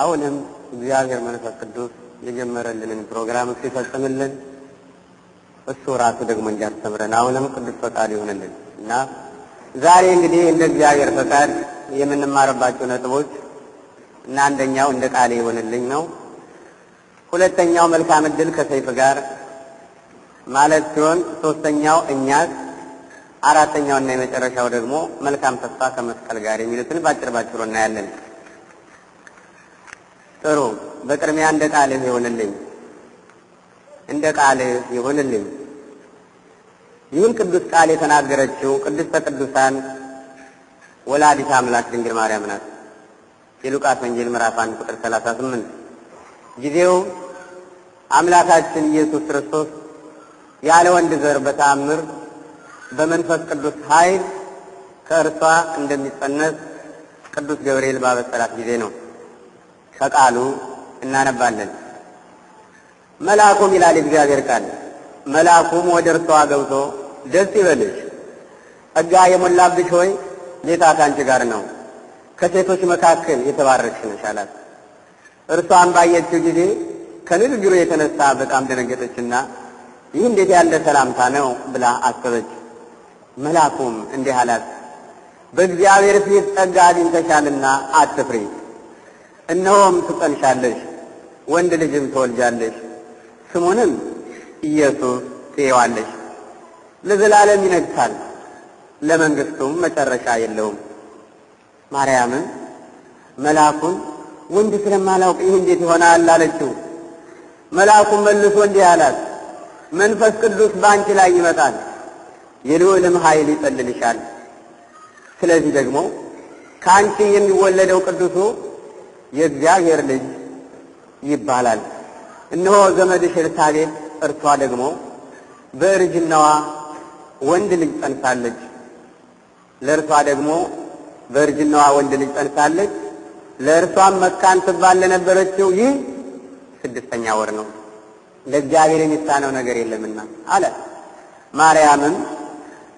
አሁንም እግዚአብሔር መንፈስ ቅዱስ የጀመረልንን ፕሮግራም ሲፈጽምልን ይፈጽምልን፣ እሱ ራሱ ደግሞ እንዲያስተምረን አሁንም ቅዱስ ፈቃድ ይሆንልን እና ዛሬ እንግዲህ እንደ እግዚአብሔር ፈቃድ የምንማርባቸው ነጥቦች እና አንደኛው እንደ ቃሌ ይሆንልኝ ነው። ሁለተኛው መልካም እድል ከሰይፍ ጋር ማለት ሲሆን ሶስተኛው እኛስ፣ አራተኛውና የመጨረሻው ደግሞ መልካም ተስፋ ከመስቀል ጋር የሚሉትን ባጭር ባጭሩ እናያለን። ጥሩ በቅድሚያ እንደ ቃልህ ይሆንልኝ፣ እንደ ቃልህ ይሆንልኝ። ይህን ቅዱስ ቃል የተናገረችው ቅድስተ ቅዱሳን ወላዲተ አምላክ ድንግል ማርያም ናት። የሉቃስ ወንጌል ምዕራፍ 1 ቁጥር 38 ጊዜው አምላካችን ኢየሱስ ክርስቶስ ያለ ወንድ ዘር በታምር በመንፈስ ቅዱስ ኃይል ከእርሷ እንደሚጸነስ ቅዱስ ገብርኤል ባበሰራት ጊዜ ነው። ከቃሉ እናነባለን። መልአኩም ይላል እግዚአብሔር ቃል። መልአኩም ወደ እርሷ ገብቶ ደስ ይበልሽ ጸጋ የሞላብሽ ሆይ ጌታ ካንቺ ጋር ነው፣ ከሴቶች መካከል የተባረክሽ ነሽ አላት። እርሷን ባየችው ጊዜ ከንግግሩ የተነሳ በጣም ደነገጠችና ይህ እንዴት ያለ ሰላምታ ነው ብላ አሰበች። መልአኩም እንዲህ አላት፣ በእግዚአብሔር ፊት ጸጋ አግኝተሻልና አትፍሪ እነሆም ትጸንሻለሽ፣ ወንድ ልጅም ትወልጃለሽ፣ ስሙንም ኢየሱስ ትየዋለሽ። ለዘላለም ይነግሳል፣ ለመንግስቱም መጨረሻ የለውም። ማርያምም መልአኩን ወንድ ስለማላውቅ ይህ እንዴት ይሆናል አለችው። መልአኩም መልሶ እንዲህ አላት፣ መንፈስ ቅዱስ በአንቺ ላይ ይመጣል፣ የልዑልም ኃይል ይጸልልሻል። ስለዚህ ደግሞ ከአንቺ የሚወለደው ቅዱሱ የእግዚአብሔር ልጅ ይባላል። እነሆ ዘመድሽ ኤልሳቤጥ እርሷ ደግሞ በእርጅናዋ ወንድ ልጅ ጸንሳለች። ለእርሷ ደግሞ በእርጅናዋ ወንድ ልጅ ጸንሳለች። ለእርሷም መካን ትባል ለነበረችው ይህ ስድስተኛ ወር ነው፣ ለእግዚአብሔር የሚሳነው ነገር የለምና አለ። ማርያምም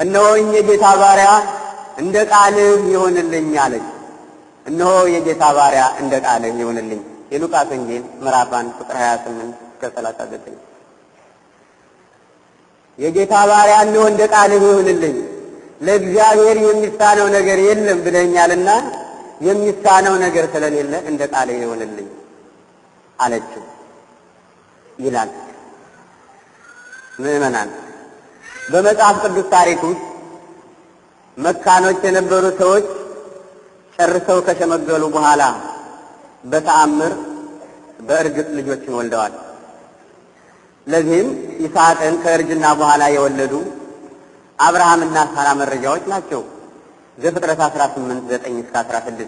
እነሆ እኝ የጌታ ባሪያ እንደ ቃልም ይሆንልኝ አለች። እነሆ የጌታ ባሪያ እንደ ቃለ ይሁንልኝ። የሉቃስ ወንጌል ምዕራፍ 1 ቁጥር 28 እስከ 39። የጌታ ባሪያ እነሆ እንደ ቃል ይሁንልኝ፣ ለእግዚአብሔር የሚሳነው ነገር የለም ብለኛልና የሚሳነው ነገር ስለሌለ እንደ ቃል ይሁንልኝ አለችው ይላል። ምእመናን በመጽሐፍ ቅዱስ ታሪክ ውስጥ መካኖች የነበሩ ሰዎች ጨርሰው ከሸመገሉ በኋላ በተአምር በእርግጥ ልጆችን ወልደዋል። ለዚህም ይስሐቅን ከእርጅና በኋላ የወለዱ አብርሃምና ሳራ መረጃዎች ናቸው። ዘፍጥረት 18 9 እስከ 16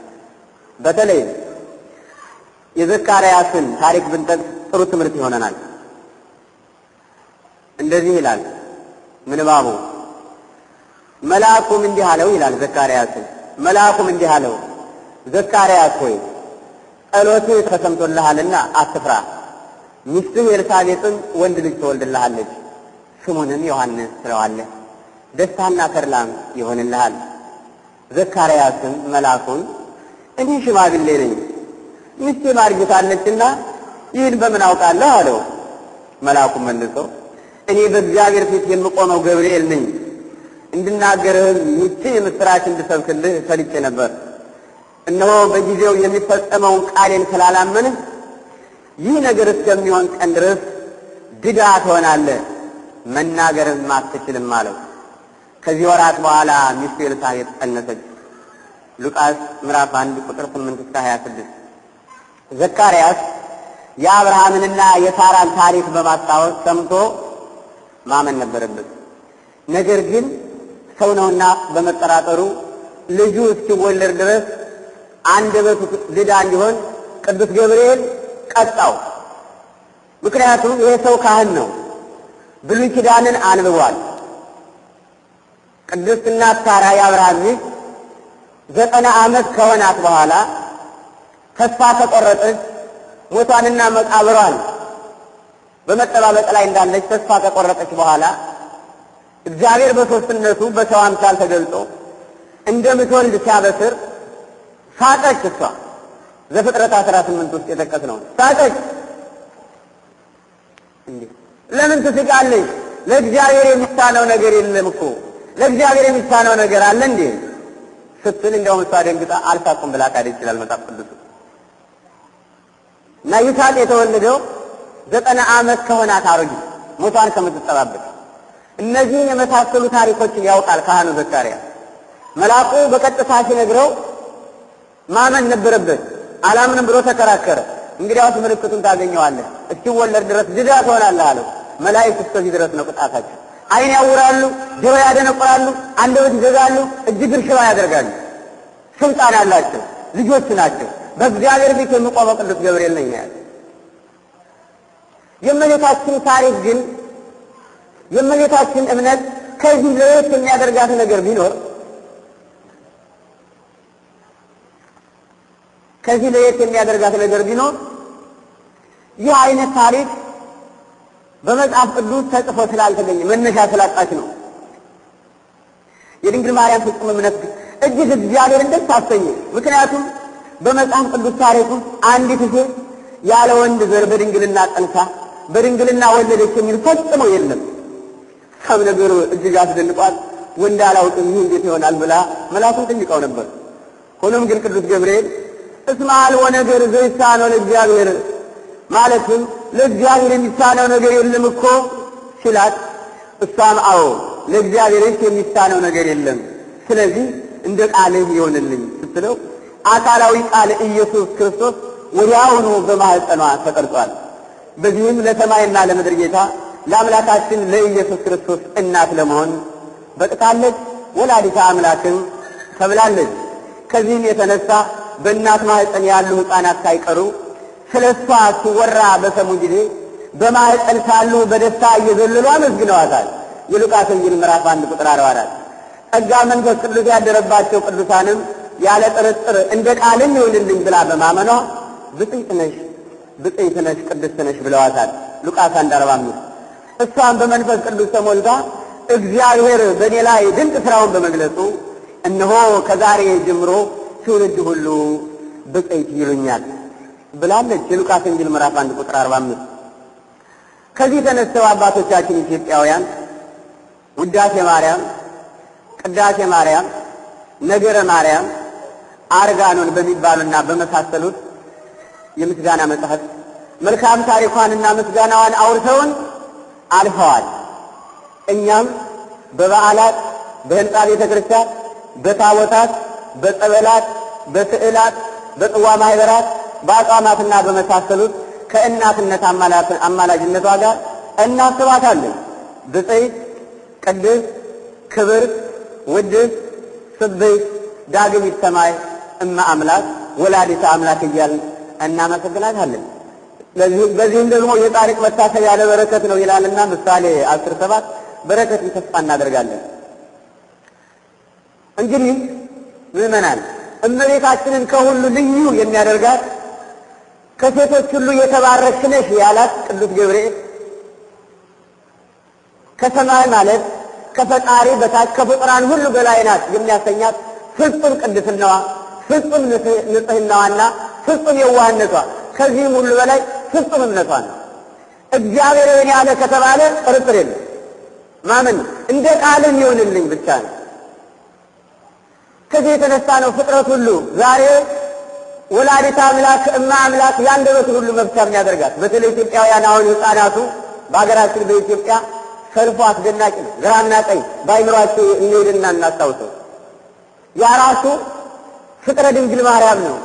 በተለይ የዘካርያስን ታሪክ ብንጠቅስ ጥሩ ትምህርት ይሆነናል። እንደዚህ ይላል ምንባቡ። መልአኩም እንዲህ አለው ይላል ዘካርያስን መልአኩም እንዲህ አለው፣ ዘካርያስ ሆይ ጸሎትህ ተሰምቶልሃልና አትፍራ። ሚስትህ ኤልሳቤጥም ወንድ ልጅ ትወልድልሃለች፣ ስሙንም ዮሐንስ ትለዋለህ። ደስታና ተድላም ይሆንልሃል። ዘካርያስም መልአኩን እኔ ሽማግሌ ነኝ፣ ሚስቴ ማርጅታለችና ይህን በምን አውቃለሁ አለው። መልአኩም መልሶ እኔ በእግዚአብሔር ፊት የምቆመው ገብርኤል ነኝ እንድናገርህም ይህች የምሥራች እንድሰብክልህ ፈልጬ ነበር። እነሆ በጊዜው የሚፈጸመውን ቃሌን ስላላመንህ ይህ ነገር እስከሚሆን ቀን ድረስ ድዳ ትሆናለህ፣ መናገርም አትችልም አለው። ከዚህ ወራት በኋላ ሚስቱ ኤልሳቤጥ ጸነሰች። ሉቃስ ምዕራፍ 1 ቁጥር 8 እስከ 26። ዘካርያስ የአብርሃምንና የሳራን ታሪክ በማስታወስ ሰምቶ ማመን ነበረበት። ነገር ግን ሰው ነውና በመጠራጠሩ ልጁ እስኪወለድ ድረስ አንደበቱ ድዳ እንዲሆን ቅዱስ ገብርኤል ቀጣው። ምክንያቱም ይሄ ሰው ካህን ነው፣ ብሉይ ኪዳንን አንብቧል። ቅድስት እናት ሳራ የአብርሃም ሚስት ዘጠና ዓመት ከሆናት በኋላ ተስፋ ከቆረጠች ሞቷንና መቃብሯን በመጠባበቅ ላይ እንዳለች ተስፋ ከቆረጠች በኋላ እግዚአብሔር በሶስትነቱ በሰው አምሳል ተገልጾ እንደምትወልድ ሲያበስር ሳቀች። እሷ ዘፍጥረት አስራ ስምንት ውስጥ የጠቀስነው ሳቀች። ለምን ትስቃለች? ለእግዚአብሔር የሚሳነው ነገር የለም እኮ ለእግዚአብሔር የሚሳነው ነገር አለ እንዴ ስትል እንዲያውም እሷ ደንግጣ አልሳቁም ብላ ካደ ይችላል መጽሐፍ ቅዱስ እና ይሳቅ የተወለደው ዘጠና ዓመት ከሆናት አሮጊት ሞቷን ከምትጠባበቅ እነዚህን የመሳሰሉ ታሪኮችን ያውቃል ካህኑ ዘካሪያ መልአኩ በቀጥታ ሲነግረው ማመን ነበረበት። አላምንም ብሎ ተከራከረ። እንግዲያውስ ምልክቱን ታገኘዋለህ፣ እስኪወለድ ድረስ ድዳ ትሆናለህ አለው። መላእክት እስከዚህ ድረስ ነው ቅጣታቸው። አይን ያውራሉ፣ ጆሮ ያደነቁራሉ፣ አንደበት ይዘጋሉ፣ እጅግ ሽባ ያደርጋሉ። ስልጣን አላቸው ልጆች ናቸው። በእግዚአብሔር ፊት የሚቆመው ቅዱስ ገብርኤል ነኝ ያለ። የእመቤታችን ታሪክ ግን የእመቤታችን እምነት ከዚህ ለየት የሚያደርጋት ነገር ቢኖር ከዚህ ለየት የሚያደርጋት ነገር ቢኖር ይህ አይነት ታሪክ በመጽሐፍ ቅዱስ ተጽፎ ስላልተገኘ መነሻ ስላጣች ነው። የድንግል ማርያም ፍጹም እምነት እጅግ እግዚአብሔርን ደስ አሰኘ። ምክንያቱም በመጽሐፍ ቅዱስ ታሪክ ውስጥ አንዲት ሴት ያለ ወንድ ዘር በድንግልና ጸንሳ በድንግልና ወለደች የሚል ፈጽሞ የለም። ካብ ነገሩ እጅግ አስደንቋል። ወንድ አላውቅም ይህ እንዴት ይሆናል ብላ መላኩን ጠይቀው ነበር። ሆኖም ግን ቅዱስ ገብርኤል እስመ አልቦ ነገር ዘይሳነው ለእግዚአብሔር ማለትም ለእግዚአብሔር የሚሳነው ነገር የለም እኮ ሲላት፣ እሷም አዎ ለእግዚአብሔር የሚሳነው ነገር የለም፣ ስለዚህ እንደ ቃልህ ይሆንልኝ ስትለው አካላዊ ቃል ኢየሱስ ክርስቶስ ወዲያውኑ በማኅፀኗ ተቀርጿል። በዚህም ለሰማይና ለምድር ጌታ ለአምላካችን ለኢየሱስ ክርስቶስ እናት ለመሆን በቅታለች። ወላዲተ አምላክም ተብላለች። ከዚህም የተነሳ በእናት ማህፀን ያሉ ሕፃናት ሳይቀሩ ስለ እሷ ሲወራ በሰሙ ጊዜ በማህፀን ሳሉ በደስታ እየዘለሉ አመስግነዋታል። የሉቃስ ወንጌል ምዕራፍ አንድ ቁጥር አርባ አራት ጸጋ መንፈስ ቅዱስ ያደረባቸው ቅዱሳንም ያለ ጥርጥር እንደ ቃልም ይሁንልኝ ብላ በማመኗ ብፅዕት ነሽ ብፅዕት ነሽ ቅድስት ነሽ ብለዋታል። ሉቃስ አንድ አርባ አምስት እሷን በመንፈስ ቅዱስ ተሞልታ እግዚአብሔር በእኔ ላይ ድንቅ ስራውን በመግለጹ እነሆ ከዛሬ ጀምሮ ትውልድ ሁሉ ብፅዕት ይሉኛል ብላለች። የሉቃስ ወንጌል ምዕራፍ አንድ ቁጥር አርባ አምስት ከዚህ የተነስተው አባቶቻችን ኢትዮጵያውያን ውዳሴ ማርያም፣ ቅዳሴ ማርያም፣ ነገረ ማርያም፣ አርጋኖን በሚባሉና በመሳሰሉት የምስጋና መጽሐፍ መልካም ታሪኳንና ምስጋናዋን አውርተውን አልፈዋል። እኛም በበዓላት፣ በህንፃ ቤተ ክርስቲያን፣ በታቦታት፣ በጸበላት፣ በስዕላት፣ በጽዋ ማህበራት፣ በአጽዋማትና በመሳሰሉት ከእናትነት አማላጅነቷ ጋር እናስባታለን። ብፅዕት፣ ቅድስት፣ ክብርት፣ ውድስ፣ ስብሕት ዳግም ሰማይ እመ አምላክ ወላዲተ አምላክ እያልን እናመሰግናታለን። በዚህም ደግሞ የጻድቅ መታሰብ ያለ በረከት ነው ይላልና ምሳሌ አስር ሰባት በረከት ተስፋ እናደርጋለን። እንግዲህ ምዕመናን እመቤታችንን ከሁሉ ልዩ የሚያደርጋት ከሴቶች ሁሉ የተባረክሽ ነሽ ያላት ቅዱስ ገብርኤል ከሰማይ ማለት ከፈጣሪ በታች ከፍጡራን ሁሉ በላይ ናት የሚያሰኛት ፍጹም ቅድስናዋ፣ ፍጹም ንጽህናዋና ፍጹም የዋህነቷ ከዚህም ሁሉ በላይ ፍጹም እምነቷ ነው። እግዚአብሔርን ያለ ከተባለ ጥርጥር የለም። ማመን እንደ ቃልም ይሆንልኝ ብቻ ነው። ከዚህ የተነሳ ነው ፍጥረት ሁሉ ዛሬ ወላዲታ አምላክ እማ አምላክ የአንደበትን ሁሉ መብቻ የሚያደርጋት። በተለይ ኢትዮጵያውያን አሁን ህፃናቱ በሀገራችን በኢትዮጵያ ሰልፎ አስደናቂ ነው። ግራና ቀኝ በአይምሯቸው እንሄድና እናስታውሰው። ያራሱ ፍቅረ ድንግል ማርያም ነው።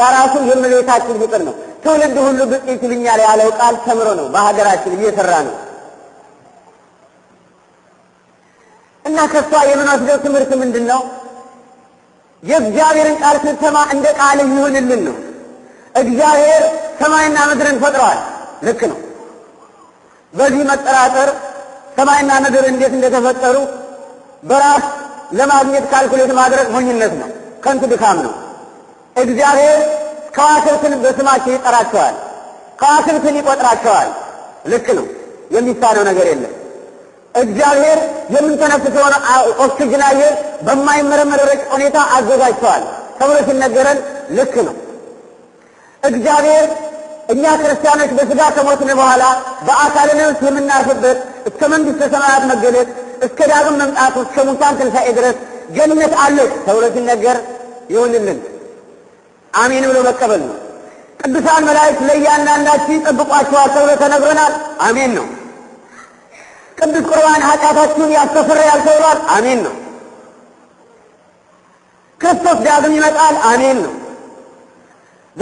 ያራሱ የእመቤታችን ፍቅር ነው። ትውልድ ሁሉ ግብፅ ይችልኛል ያለው ቃል ተምሮ ነው። በሀገራችን እየሰራ ነው እና ከሷ የምንወስደው ትምህርት ምንድን ነው? የእግዚአብሔርን ቃል ስንሰማ እንደ ቃልህ ይሁንልን ነው። እግዚአብሔር ሰማይና ምድርን ፈጥረዋል። ልክ ነው። በዚህ መጠራጠር ሰማይና ምድር እንዴት እንደተፈጠሩ በራስ ለማግኘት ካልኩሌት ማድረግ ሞኝነት ነው፣ ከንቱ ድካም ነው። እግዚአብሔር ከዋክብትን በስማቸው ይጠራቸዋል። ከዋክብትን ይቆጥራቸዋል። ልክ ነው። የሚሳነው ነገር የለም። እግዚአብሔር የምንተነፍሰውን ኦክሲጅን አየር በማይመረመር ሁኔታ አዘጋጅተዋል ተብሎ ሲነገረን ልክ ነው። እግዚአብሔር እኛ ክርስቲያኖች በስጋ ከሞትን በኋላ በአካል ነፍስ የምናርፍበት እስከ መንግሥተ ሰማያት መገለጥ እስከ ዳግም መምጣቱ እስከ ሙታን ትንሣኤ ድረስ ገነት አለች ተብሎ ሲነገር ይሁንልን። አሜን ብሎ መቀበል ነው። ቅዱሳን መላእክት ለእያንዳንዳችሁ ይጠብቋችኋል ተብሎ ተነግረናል። አሜን ነው። ቅዱስ ቁርባን ኃጢአታችሁን ያስተሰርያል ተብሏል። አሜን ነው። ክርስቶስ ዳግም ይመጣል። አሜን ነው።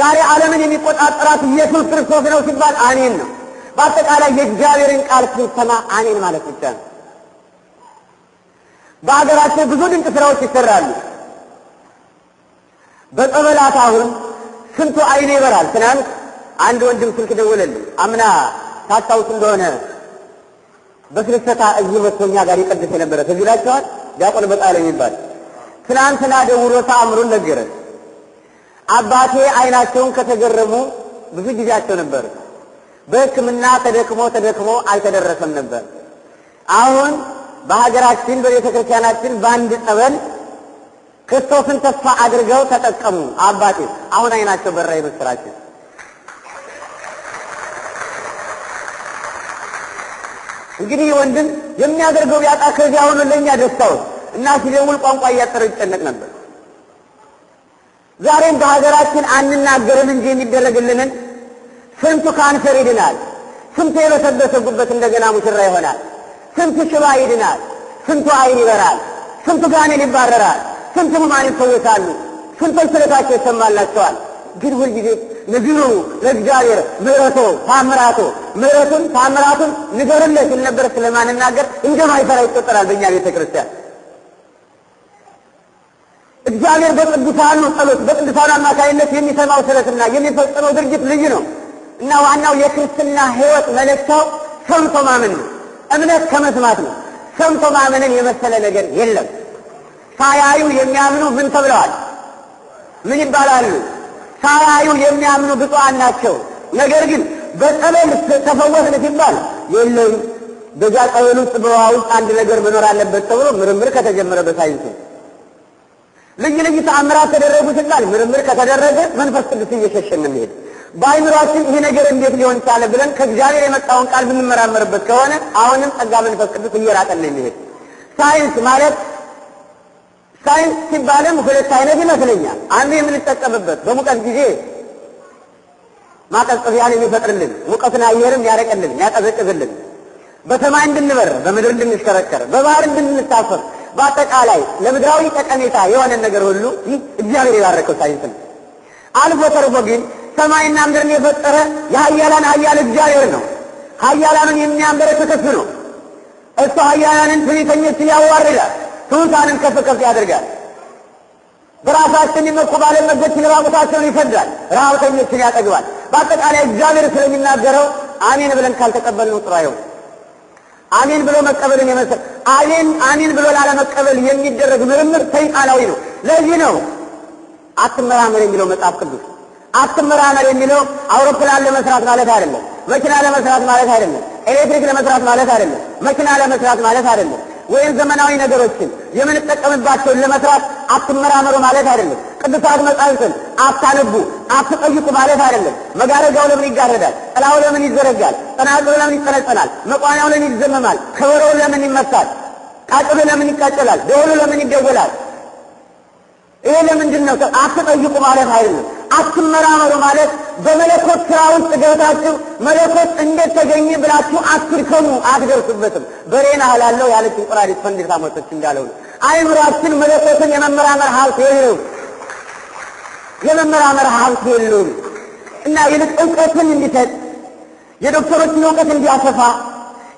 ዛሬ ዓለምን የሚቆጣጠራት ኢየሱስ ክርስቶስ ነው ሲባል አሜን ነው። በአጠቃላይ የእግዚአብሔርን ቃል ስንሰማ አሜን ማለት ብቻ ነው። በሀገራችን ብዙ ድንቅ ስራዎች ይሰራሉ። በጠበላት አሁን ስንቱ አይኔ ይበራል። ትናንት አንድ ወንድም ስልክ ደወለልኝ። አምና ታስታውስ እንደሆነ በስልሰታ እዚህ መጥቶ እኛ ጋር ይቀድስ የነበረ ትዝ ዲያቆን በጣለ የሚባል ትናንትና ደውሎ ተአምሩን ነገረን። አባቴ አይናቸውን ከተገረሙ ብዙ ጊዜያቸው ነበር። በሕክምና ተደክሞ ተደክሞ አልተደረሰም ነበር። አሁን በሀገራችን በቤተ ክርስቲያናችን በአንድ ጸበል ክርስቶስን ተስፋ አድርገው ተጠቀሙ። አባቴ አሁን አይናቸው በራ የምስራችን እንግዲህ ወንድም የሚያደርገው ቢያጣ ከዚህ አሁን ለእኛ ደስታው እና ሲደውል ቋንቋ እያጠረው ይጨነቅ ነበር። ዛሬም በሀገራችን አንናገርም እንጂ የሚደረግልንን ስንቱ ካንሰር ይድናል፣ ስንቱ የበሰበሰ ጉበት እንደገና ሙሽራ ይሆናል፣ ስንቱ ሽባ ይድናል፣ ስንቱ አይን ይበራል፣ ስንቱ ጋኔን ይባረራል። ስንት ሰዎች አሉ? ስንቶች ስለታቸው ይሰማላቸዋል። ግን ሁልጊዜ ንግሩ ለእግዚአብሔር ምረቶ ታምራቶ ምረቱን ታምራቱን ንገርለት ሲል ነበር። ስለማንናገር እንደማይፈራ ይቆጠራል በእኛ ቤተ ክርስቲያን። እግዚአብሔር በቅዱሳኑ ጸሎት በቅዱሳኑ አማካኝነት የሚሰማው ስለትና የሚፈጸመው ድርጊት ልዩ ነው እና ዋናው የክርስትና ሕይወት መለክታው ሰምቶ ማመን ነው። እምነት ከመስማት ነው። ሰምቶ ማመንን የመሰለ ነገር የለም። ሳያዩ የሚያምኑ ምን ተብለዋል? ምን ይባላሉ? ሳያዩ የሚያምኑ ብፁዓን ናቸው። ነገር ግን በጸበል ተፈወስን ሲባል የለም በዛ ጸበል ውስጥ በውሃ ውስጥ አንድ ነገር መኖር አለበት ተብሎ ምርምር ከተጀመረ በሳይንሱ ልዩ ልዩ ተአምራት ተደረጉ ሲባል ምርምር ከተደረገ መንፈስ ቅዱስ እየሸሸን ነው የሚሄድ። በአይምሯችን ይህ ነገር እንዴት ሊሆን ይቻለ ብለን ከእግዚአብሔር የመጣውን ቃል ብንመራመርበት ከሆነ አሁንም ጸጋ መንፈስ ቅዱስ እየራቀን ነው የሚሄድ። ሳይንስ ማለት ሳይንስ ሲባልም ሁለት አይነት ይመስለኛል። አንዱ የምንጠቀምበት በሙቀት ጊዜ ማቀዝቀዝያን የሚፈጥርልን ሙቀትን አየርም ያረቀልን ያቀዘቅዝልን፣ በሰማይ እንድንበር በምድር እንድንሽከረከር በባህር እንድንታፈፍ፣ በአጠቃላይ ለምድራዊ ጠቀሜታ የሆነ ነገር ሁሉ ይህ እግዚአብሔር የባረከው ሳይንስ ነው። አልፎ ተርፎ ግን ሰማይና ምድርን የፈጠረ የሀያላን ሀያል እግዚአብሔር ነው። ሀያላንን የሚያንበረክክ እሱ ነው። እሱ ሀያላንን ትዕቢተኞችን ያዋርዳል። ስልጣንን ከፍ ከፍ ያደርጋል። በራሳችን ይመኩ ባለመገችን ራቁታቸውን ይፈዳል፣ ረሃብተኞችን ያጠግባል። በአጠቃላይ እግዚአብሔር ስለሚናገረው አሜን ብለን ካልተቀበልነው ጥሩ አይሆን። አሜን ብሎ መቀበልን የመሰለ አሜን አሜን ብሎ ላለመቀበል የሚደረግ ምርምር ሰይጣናዊ ነው። ለዚህ ነው አትመራመር የሚለው መጽሐፍ ቅዱስ። አትመራመር የሚለው አውሮፕላን ለመስራት ማለት አይደለም። መኪና ለመስራት ማለት አይደለም። ኤሌክትሪክ ለመስራት ማለት አይደለም። መኪና ለመስራት ማለት አይደለም። ወይም ዘመናዊ ነገሮችን የምንጠቀምባቸውን ለመስራት አትመራመሩ ማለት አይደለም። ቅዱሳት መጻሕፍትን አታነቡ፣ አትጠይቁ ማለት አይደለም። መጋረጃው ለምን ይጋረዳል? ጥላው ለምን ይዘረጋል? ጸናጽሉ ለምን ይጠነጠናል? መቋሚያው ለምን ይዘመማል? ከበሮው ለምን ይመታል? ቃጭሉ ለምን ይቃጨላል? ደወሉ ለምን ይደወላል? ይሄ ለምንድን ነው? አትጠይቁ ማለት አይደለም። አትመራመሩ ማለት በመለኮት ስራ ውስጥ ገብታችሁ መለኮት እንዴት ተገኘ ብላችሁ አትድከሙ፣ አትደርሱበትም። በሬና እህላለሁ ያለች እንቁራሪት ፈንድታ ሞተች እንዳለው ነው። አይምሯችን መለኮትን የመመራመር ሀብት የለውም፣ የመመራመር ሀብት የለውም። እና ይልቅ እውቀትን እንዲሰጥ የዶክተሮችን እውቀት እንዲያሰፋ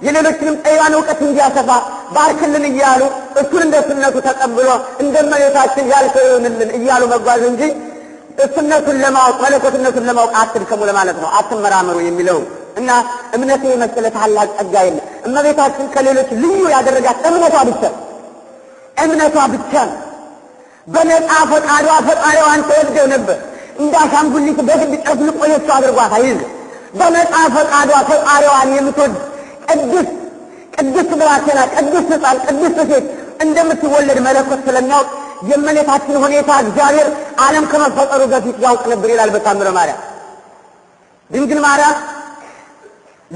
የሌሎችንም ጠይባን እውቀት እንዲያሰፋ ባርክልን እያሉ እሱን እንደ ስነቱ ተቀብሎ እንደመሬታችን ያልከውንልን እያሉ መጓዝ እንጂ እሱነቱን ለማወቅ መለኮትነቱን ለማወቅ አትድከሙ ለማለት ነው። አትመራመሩ የሚለው እና እምነቴ የመሰለ ታላቅ ጸጋ የለ። እመቤታችን ከሌሎች ልዩ ያደረጋት እምነቷ ብቻ እምነቷ ብቻ በነጣ በነፃ ፈቃዷ ፈጣሪዋን ተወደው ነበር። እንደ አሻንጉሊት በግድ ጨፍልቆ የሱ አድርጓት አይዝ በነፃ ፈቃዷ ፈጣሪዋን የምትወድ ቅድስት ቅድስት ብላቴና፣ ቅድስት ሕፃን፣ ቅድስት ሴት እንደምትወለድ መለኮት ስለሚያውቅ የመኔታችን ሁኔታ እግዚአብሔር ዓለም ከመፈጠሩ በፊት ያውቅ ነበር ይላል በታምረ ማርያም። ድንግል ማርያም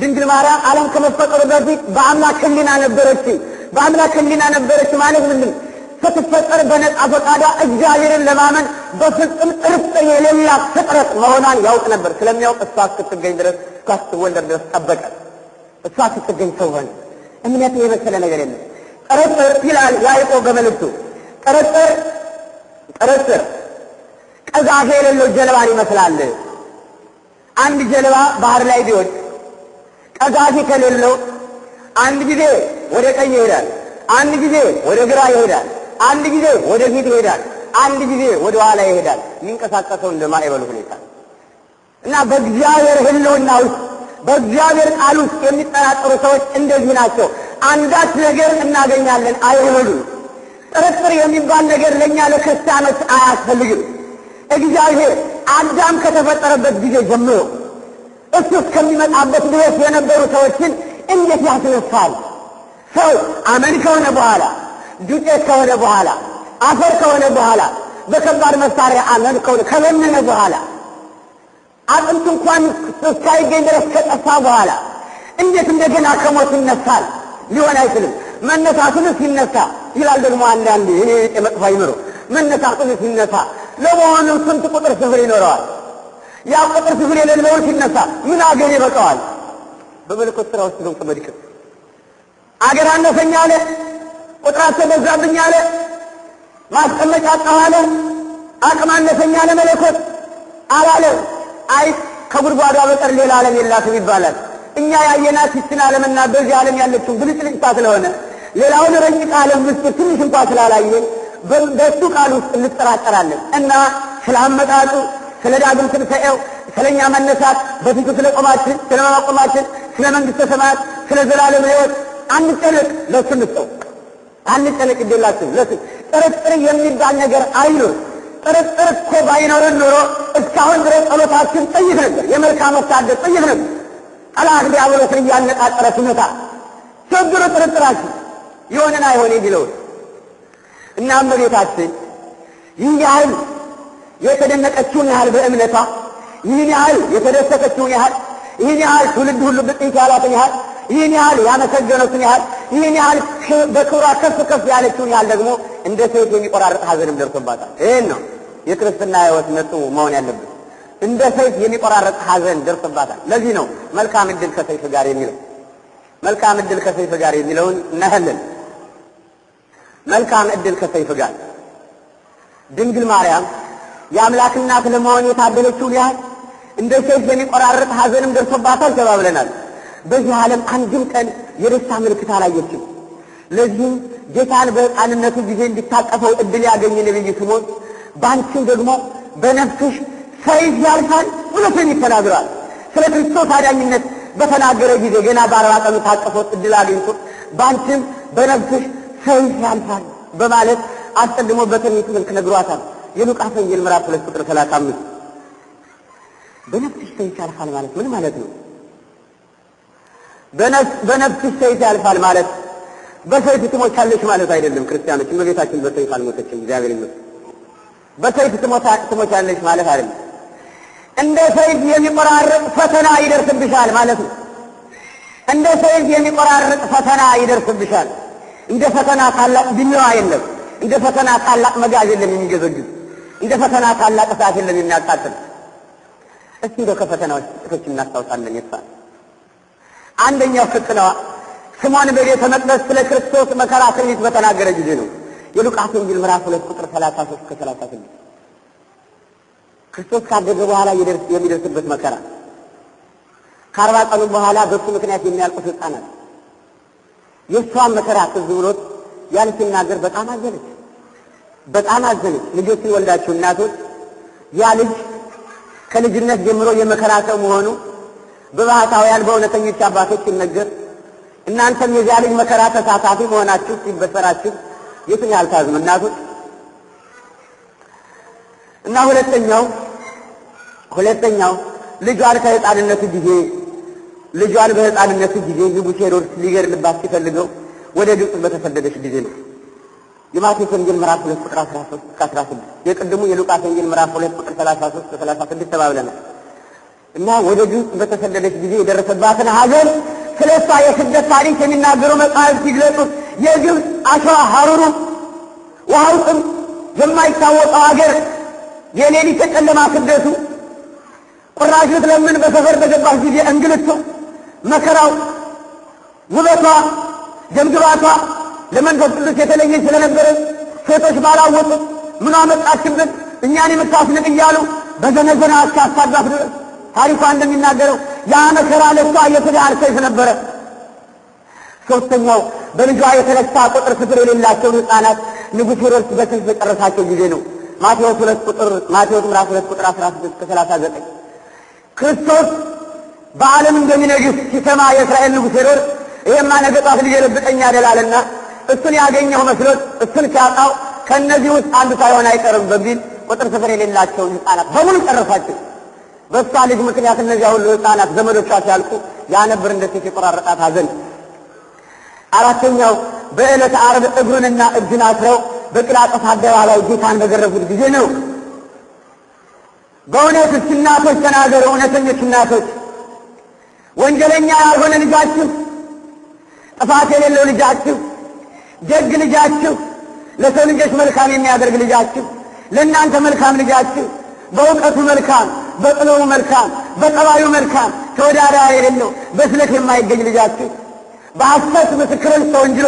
ድንግል ማርያም ዓለም ከመፈጠሩ በፊት በአምላክ ሕሊና ነበረች። በአምላክ ሕሊና ነበረች ማለት ምንድን ስትፈጠር በነጻ ፈቃዷ እግዚአብሔርን ለማመን በፍጹም ጥርጥር የሌላት ፍጥረት መሆኗን ያውቅ ነበር። ስለሚያውቅ እሷ እስክትገኝ ድረስ እሷ ስትወለድ ድረስ ጠበቀ። እሷ ስትገኝ ሰው ሆነ። እምነት የመሰለ ነገር የለም። ጥርጥር ይላል ያዕቆብ በመልእክቱ ጥርጥር ጥርጥር ቀዛፊ የሌለው ጀልባን ይመስላል። አንድ ጀልባ ባህር ላይ ቢወድ ቀዛፊ ከሌለው አንድ ጊዜ ወደ ቀኝ ይሄዳል፣ አንድ ጊዜ ወደ ግራ ይሄዳል፣ አንድ ጊዜ ወደ ፊት ይሄዳል፣ አንድ ጊዜ ወደ ኋላ ይሄዳል። የሚንቀሳቀሰው እንደ ማዕበሉ ሁኔታ እና በእግዚአብሔር ሕልውና ውስጥ በእግዚአብሔር ቃል ውስጥ የሚጠራጠሩ ሰዎች እንደዚህ ናቸው። አንዳች ነገር እናገኛለን አይሆኑም ጥርጥር የሚባል ነገር ለእኛ ለክርስቲያኖች አያስፈልግም። እግዚአብሔር አዳም ከተፈጠረበት ጊዜ ጀምሮ እሱ እስከሚመጣበት ድረስ የነበሩ ሰዎችን እንዴት ያስነሳል? ሰው አመድ ከሆነ በኋላ ዱቄት ከሆነ በኋላ አፈር ከሆነ በኋላ በከባድ መሳሪያ አመድ ከሆነ ከበነነ በኋላ አጥንቱ እንኳን እስካይገኝ ድረስ ከጠፋ በኋላ እንዴት እንደገና ከሞት ይነሳል? ሊሆን አይችልም። መነሳቱንስ ይነሳል። ይላል ደግሞ አንዳንድ እኔ የመጥፋ ይምሮ መነሳቱ ሲነሳ ለመሆኑ ስንት ቁጥር ስፍር ይኖረዋል? ያ ቁጥር ስፍር የሌለውን ሲነሳ ምን አገር ይበቃዋል? በመልኮት ስራ ውስጥ ነው መድቅ አገር አነሰኝ አለ፣ ቁጥራቸው በዛብኝ አለ፣ ማስቀመጫ አጣሁ አለ፣ አቅም አነሰኝ አለ። መለኮት አላለ አይ ከጉድጓዷ በቀር ሌላ ዓለም የላትም ይባላል። እኛ ያየናት ይችን ዓለምና በዚህ ዓለም ያለችውን ብልጭልጭታ ስለሆነ ሌላውን ረቂቅ ዓለም ምስጢር ትንሽ እንኳ ስላላየን በእሱ ቃል ውስጥ እንጠራጠራለን እና ስለ አመጣጡ፣ ስለ ዳግም ትንሣኤው፣ ስለ እኛ መነሳት፣ በፊቱ ስለ ቆማችን ስለ መቆማችን፣ ስለ መንግሥተ ሰማያት፣ ስለ ዘላለም ሕይወት አንጨነቅ። ለሱ እንስጠው፣ አንጨነቅ። ይደላችሁ ለሱ ጥርጥር የሚባል ነገር አይኑር። ጥርጥር እኮ ባይኖርን ኖሮ እስካሁን ድረስ ጸሎታችን ጥይት ነበር፣ የመልካም ወታደር ጥይት ነበር። ጠላት ዲያብሎስን እያነጣጠረ ሲመታ ችግሩ ጥርጥራችን ይሆንን አይሆን የሚለውን እና እመቤታችን ይህን ያህል የተደነቀችውን ያህል በእምነቷ ይህን ያህል የተደሰተችውን ያህል ይህን ያህል ትውልድ ሁሉ ብጥኝ ያላትን ያህል ይህን ያህል ያመሰገኑትን ያህል ይህን ያህል በክብሯ ከፍ ከፍ ያለችውን ያህል ደግሞ እንደ ሰይፍ የሚቆራረጥ ሀዘንም ደርሶባታል። ይህን ነው የክርስትና ህይወት ነጡ መሆን ያለብን። እንደ ሰይፍ የሚቆራረጥ ሀዘን ደርሶባታል። ለዚህ ነው መልካም እድል ከሰይፍ ጋር የሚለው መልካም እድል ከሰይፍ ጋር የሚለውን እናያለን። መልካም እድል ከሰይፍ ጋር ድንግል ማርያም የአምላክ እናት ለመሆን የታደለችውን ያህል እንደ ሰይፍ የሚቆራረጥ ሐዘንም ደርሶባታል ተባብለናል። በዚህ ዓለም አንድም ቀን የደስታ ምልክት አላየችም። ለዚህም ጌታን በሕፃንነቱ ጊዜ እንዲታቀፈው እድል ያገኘ ነቢይ ስምዖን በአንቺም ደግሞ በነፍስሽ ሰይፍ ያልፋል እውነትን ይተናግረዋል። ስለ ክርስቶስ አዳኝነት በተናገረ ጊዜ ገና በአርባ ቀኑ ታቀፈው ዕድል አግኝቶ በአንቺም በነፍስሽ ሰይፍ ያልፋል በማለት አስቀድሞ በትንቢት መልክ ነግሯታል። የሉቃስ ወንጌል ምዕራፍ ሁለት ቁጥር ሰላሳ አምስት በነፍስሽ ሰይፍ ያልፋል ማለት ምን ማለት ነው? በነፍስሽ ሰይፍ ያልፋል ማለት በሰይፍ ትሞቻለሽ ማለት አይደለም። ክርስቲያኖች፣ እመቤታችን በሰይፍ አልሞተችም። እግዚአብሔር ይመስገን። በሰይፍ ትሞቻለሽ ማለት አይደለም። እንደ ሰይፍ የሚቆራርጥ ፈተና ይደርስብሻል ማለት ነው። እንደ ሰይፍ የሚቆራርጥ ፈተና ይደርስብሻል። እንደ ፈተና ታላቅ ዱንያ የለም። እንደ ፈተና ታላቅ መጋዝ የለም የሚገዘግዝ። እንደ ፈተና ታላቅ እሳት የለም የሚያቃጥል። እስቲ እንደው ከፈተናዎች ጥቂቶች እናስታውሳለን። የሳ አንደኛው ፍትናዋ ስሟን በቤተ መቅደስ ስለ ክርስቶስ መከራ ትንቢት በተናገረ ጊዜ ነው። የሉቃስ ወንጌል ምዕራፍ ሁለት ቁጥር 33 እስከ 36 ክርስቶስ ካደገ በኋላ የሚደርስበት መከራ ከአርባ ቀኑ በኋላ በእሱ ምክንያት የሚያልቁት ህፃናት የእሷን መከራ ትዝ ብሎት ያን ሲናገር በጣም አዘነች፣ በጣም አዘነች። ልጆችን ወልዳችሁ እናቶች ያ ልጅ ከልጅነት ጀምሮ የመከራ ሰው መሆኑ በባህታውያን በእውነተኞች አባቶች ሲነገር እናንተም የዚያ ልጅ መከራ ተሳታፊ መሆናችሁ ሲበሰራችሁ የቱን ያልታዝም እናቶች። እና ሁለተኛው ሁለተኛው ልጇን ከህፃንነቱ ጊዜ ልጇን በህፃንነቱ ጊዜ ንጉሥ ሄሮድስ ሊገድልባት ሲፈልገው ወደ ግብፅ በተሰደደች ጊዜ ነው። የማቴዎስ ወንጌል ምዕራፍ ሁለት ቁጥር አስራ ሶስት እስከ አስራ ስድስት የቅድሙ የሉቃስ ወንጌል ምዕራፍ ሁለት ቁጥር ሰላሳ ሶስት ሰላሳ ስድስት ተባብለናል እና ወደ ግብፅ በተሰደደች ጊዜ የደረሰባትን ሀገር ስለ እሷ የስደት ታሪክ የሚናገሩ መጽሐፍ ሲግለጹት የግብፅ አሸዋ ሀሩሩ ውሃ ውስጥም የማይታወቀው ሀገር የሌሊት የጨለማ ስደቱ ቁራሽ ልትለምን በሰፈር በገባች ጊዜ እንግልቶ መከራው፣ ውበቷ፣ ደምግባቷ ለመንፈስ ቅዱስ የተለየ ስለነበረ ሴቶች ባላወጡ ምን አመጣችብን እኛን የምታስንቅ እያሉ በዘነዘና እስካሳዛት ድረስ ታሪኳ እንደሚናገረው ያ መከራ ለሷ የትዳር ሰይፍ ነበረ። ሶስተኛው በልጇ የተነሳ ቁጥር ስፍር የሌላቸውን ህፃናት ንጉሥ ሄሮድስ በስንት በጨረሳቸው ጊዜ ነው። ማቴዎስ ሁለት ቁጥር ማቴዎስ ምዕራፍ ሁለት ቁጥር አስራ ስድስት ከሰላሳ ዘጠኝ ክርስቶስ በዓለም እንደሚነግስ ሲሰማ የእስራኤል ንጉሥ ሄሮድ ይሄማ ነገ ጧት ሊገለብጠኝ ያደላልና እሱን ያገኘው መስሎት እሱን ሲያጣው ከእነዚህ ውስጥ አንዱ ሳይሆን አይቀርም በሚል ቁጥር ስፍር የሌላቸውን ህፃናት በሙሉ ጨረሳቸው። በእሷ ልጅ ምክንያት እነዚያ ሁሉ ህፃናት ዘመዶቿ ሲያልቁ ያነብር እንደ ሴት የቆራረጣት ሐዘን። አራተኛው በዕለተ ዓርብ እግሩንና እጁን አስረው በጲላጦስ አደባባይ ጌታን በገረፉት ጊዜ ነው። በእውነት እናቶች ተናገሩ፣ እውነተኞች እናቶች ወንጀለኛ ያልሆነ ልጃችሁ፣ ጥፋት የሌለው ልጃችሁ፣ ደግ ልጃችሁ፣ ለሰው ልጆች መልካም የሚያደርግ ልጃችሁ፣ ለእናንተ መልካም ልጃችሁ፣ በእውቀቱ መልካም፣ በጥበቡ መልካም፣ በጠባዩ መልካም፣ ተወዳዳሪ የሌለው በስለት የማይገኝ ልጃችሁ በሐሰት ምስክሮች ተወንጅሎ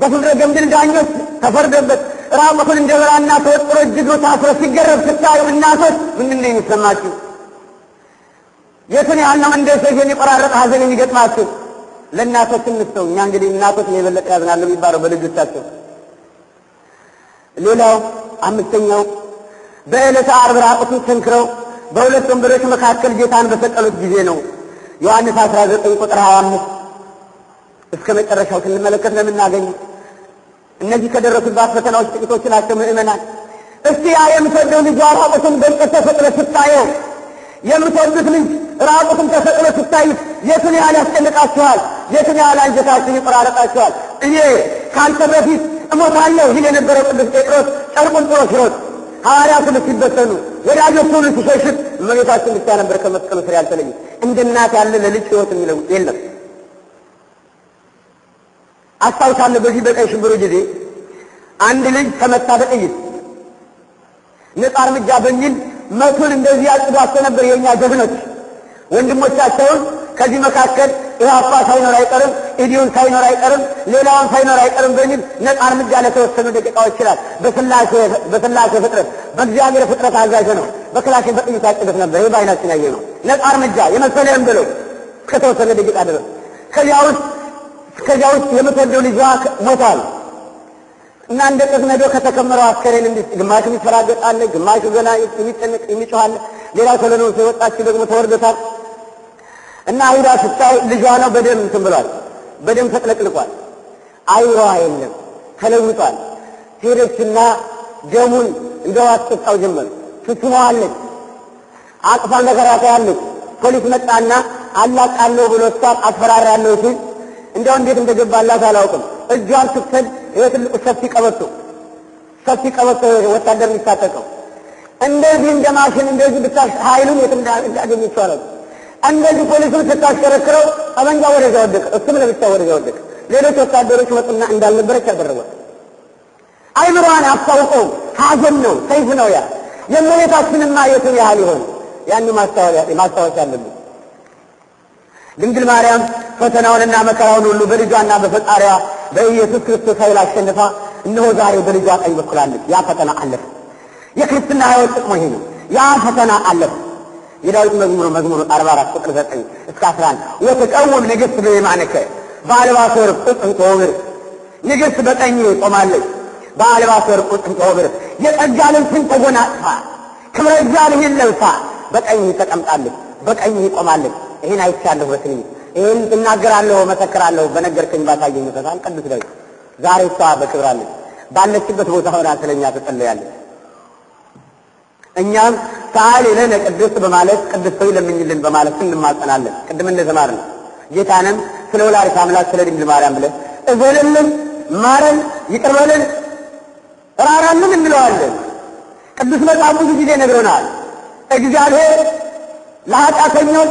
በፍርደ ገምድል ዳኞች ተፈርዶበት ራቁቱን እንደ በራና ተወጥሮ እጅግ ታስሮ ሲገረብ ስታዩ እናቶች ምንድን ነው የሚሰማችሁ? የቱን ያህል ነው እንደ ሰው የሚቆራረጥ ሀዘን የሚገጥማቸው? ለእናቶች እንስተው እኛ እንግዲህ እናቶች የበለጠ ያዝናሉ የሚባለው በልጆቻቸው። ሌላው አምስተኛው በዕለተ ዓርብ ራቁቱን ሰንክረው በሁለት ወንበሮች መካከል ጌታን በሰቀሉት ጊዜ ነው። ዮሐንስ 19 ቁጥር 25 እስከ መጨረሻው ስንመለከት ለምናገኝ እነዚህ ከደረሱባት ፈተናዎች ጥቂቶች ናቸው። ምእመናን እስቲ ያ የምትወደው ልጇ ራቁቱን በእንጨት ተሰቅሎ ስታየው የምትወዱት ልጅ ራቁትን ተሰቅሎ ስታዩት የቱን ያህል ያስጨንቃችኋል? የቱን ያህል አንጀታችሁን ይቆራረጣችኋል? እኔ ከአንተ በፊት እሞታለሁ ይል የነበረው ቅዱስ ጴጥሮስ ጨርቁን ጥሎ ሲሮጥ ሐዋርያት ሲበተኑ ወዳጆች ሁሉ ሲሸሽት እመቤታችን ብቻ ነበር ከመስቀሉ ስር ያልተለዩ። እንደ እናት ያለ ለልጅ ህይወት የሚለው የለም። አስታውሳለሁ በዚህ በቀይ ሽብሩ ጊዜ አንድ ልጅ ተመታ በጥይት ነፃ እርምጃ በሚል መቱን እንደዚህ አጽዷቸው ነበር የእኛ ጀግኖች ወንድሞቻቸውን። ከዚህ መካከል ኢህአፓ ሳይኖር አይቀርም፣ ኢዲዩን ሳይኖር አይቀርም፣ ሌላውን ሳይኖር አይቀርም በሚል ነጻ እርምጃ ለተወሰኑ ደቂቃዎች ይችላል። በስላሴ ፍጥረት በእግዚአብሔር ፍጥረት አዛዥ ነው። በክላሽ በጥይት ያጭበት ነበር። ይህ በአይናችን ያየ ነው። ነጻ እርምጃ የመሰለም ብሎ ከተወሰነ ደቂቃ ድረስ ከዚያ ውስጥ የምትወደው ልጇ ሞቷል። እና እንደ ጥፍ ነዶ ከተከመረው አስከሬን እንዲህ ግማሹ የሚፈራገጥ አለ፣ ግማሹ ገና የሚጨነቅ የሚጮህ ሌላ ሌላው ሰለኖስ ደግሞ ተወርደታል። እና አይሁዳ ስታው ልጇ ነው በደም እንትን ብሏል፣ በደም ተጥለቅልቋል። አይሯ የለም ተለውጧል። ሄደችና ደሙን እንደዋ አስጠጣው ጀመር። ትስመዋለች፣ አቅፋ ተከራታያለች። ፖሊስ መጣና አላቃለሁ ብሎ እሷን አስፈራራለሁ ሲል እንደው እንዴት እንደገባላት አላውቅም እጇን ስትሰድ የትልቁ ትልቁ ሰፊ ቀበቶ ሰፊ ቀበቶ ወታደር የሚታጠቀው እንደዚህ እንደ ማሽን እንደዚህ ብታሽ ኃይሉን የት እንዳገኝ ይቻላል። እንደዚህ ፖሊሱን ስታሽከረክረው ጠመንጃ ወደዛ ወደቀ፣ እሱም ለብቻ ወደዛ ወደቀ። ሌሎች ወታደሮች መጡና እንዳልነበረች ያደረጓል። አይምሯን አስታውቀው ሀዘን ነው ሰይፍ ነው ያ የእመቤታችንማ የቱን ያህል ይሆን ያን ማስታወስ ያለብን ድንግል ማርያም ፈተናውንና መከራውን ሁሉ በልጇና በፈጣሪዋ በኢየሱስ ክርስቶስ ኃይል አሸንፋ እነሆ ዛሬ በልጇ ቀኝ በኩላለች። ያ ፈተና አለፈ። የክርስትና ሕይወት ጥቅሞ ይሄ ነው። ያ ፈተና አለፈ። የዳዊት መዝሙር መዝሙር 44 ቁጥር 9 እስከ 11 ወተቀውም ንግሥት በየማነከ በአልባ ቁጥም ቁጥን ተወብር ንግሥት በቀኝ ቆማለች፣ በአልባ ቁጥም ቁጥን ተወብር የጸጋ ልብስን ተጎናጽፋ ክብረ እግዚአብሔር ለብሳ በቀኝ ተቀምጣለች፣ በቀኝ ቆማለች። ይህን አይቻለሁ በትንቢት ይህን እናገራለሁ መሰክራለሁ፣ በነገርከኝ ባሳየኝ ፈሳል ቅዱስ ዳዊት ዛሬ እሷ በክብራለች ባለችበት ቦታ ሆና ስለኛ ትጸለያለች። እኛም ሳል ለነ ቅዱስ በማለት ቅዱስ ሰው ለምኝልን በማለት እንማጸናለን። ቅድም እንደተማርነው ጌታንም ስለ ወላዲተ አምላክ ስለ ድንግል ማርያም ብለን እዘንልን፣ ማረን፣ ይቅር ራራልን እንለዋለን። ቅዱስ መጽሐፍ ብዙ ጊዜ ነግረናል እግዚአብሔር ለኃጢአተኞች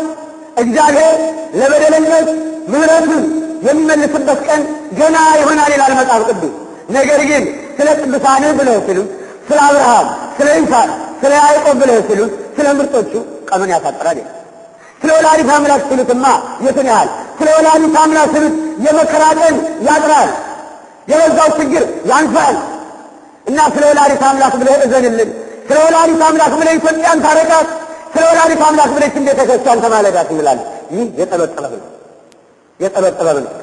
እግዚአብሔር ለበደለኞች ምሕረቱን የሚመልስበት ቀን ገና ይሆናል ይላል መጽሐፍ ቅዱስ። ነገር ግን ስለ ቅዱሳን ብለው ሲሉ፣ ስለ አብርሃም፣ ስለ ይስሐቅ፣ ስለ ያዕቆብ ብለው ሲሉ ስለ ምርጦቹ ቀኑን ያሳጥራል። ስለ ወላዲት አምላክ ሲሉትማ የቱን ያህል ስለ ወላዲት አምላክ ሲሉት የመከራ ቀን ያጥራል፣ የበዛው ችግር ያንሳል። እና ስለ ወላዲት አምላክ ብለህ እዘንልን፣ ስለ ወላዲት አምላክ ብለህ ኢትዮጵያን ታረቃት። ስለ ወላዲቱ አምላክ ብለሽ እንዴ ቤተክርስቲያን ተማለዳት ይላል። ይህ የጸሎት ጥበብ ነው፣ የጸሎት ጥበብ ነው።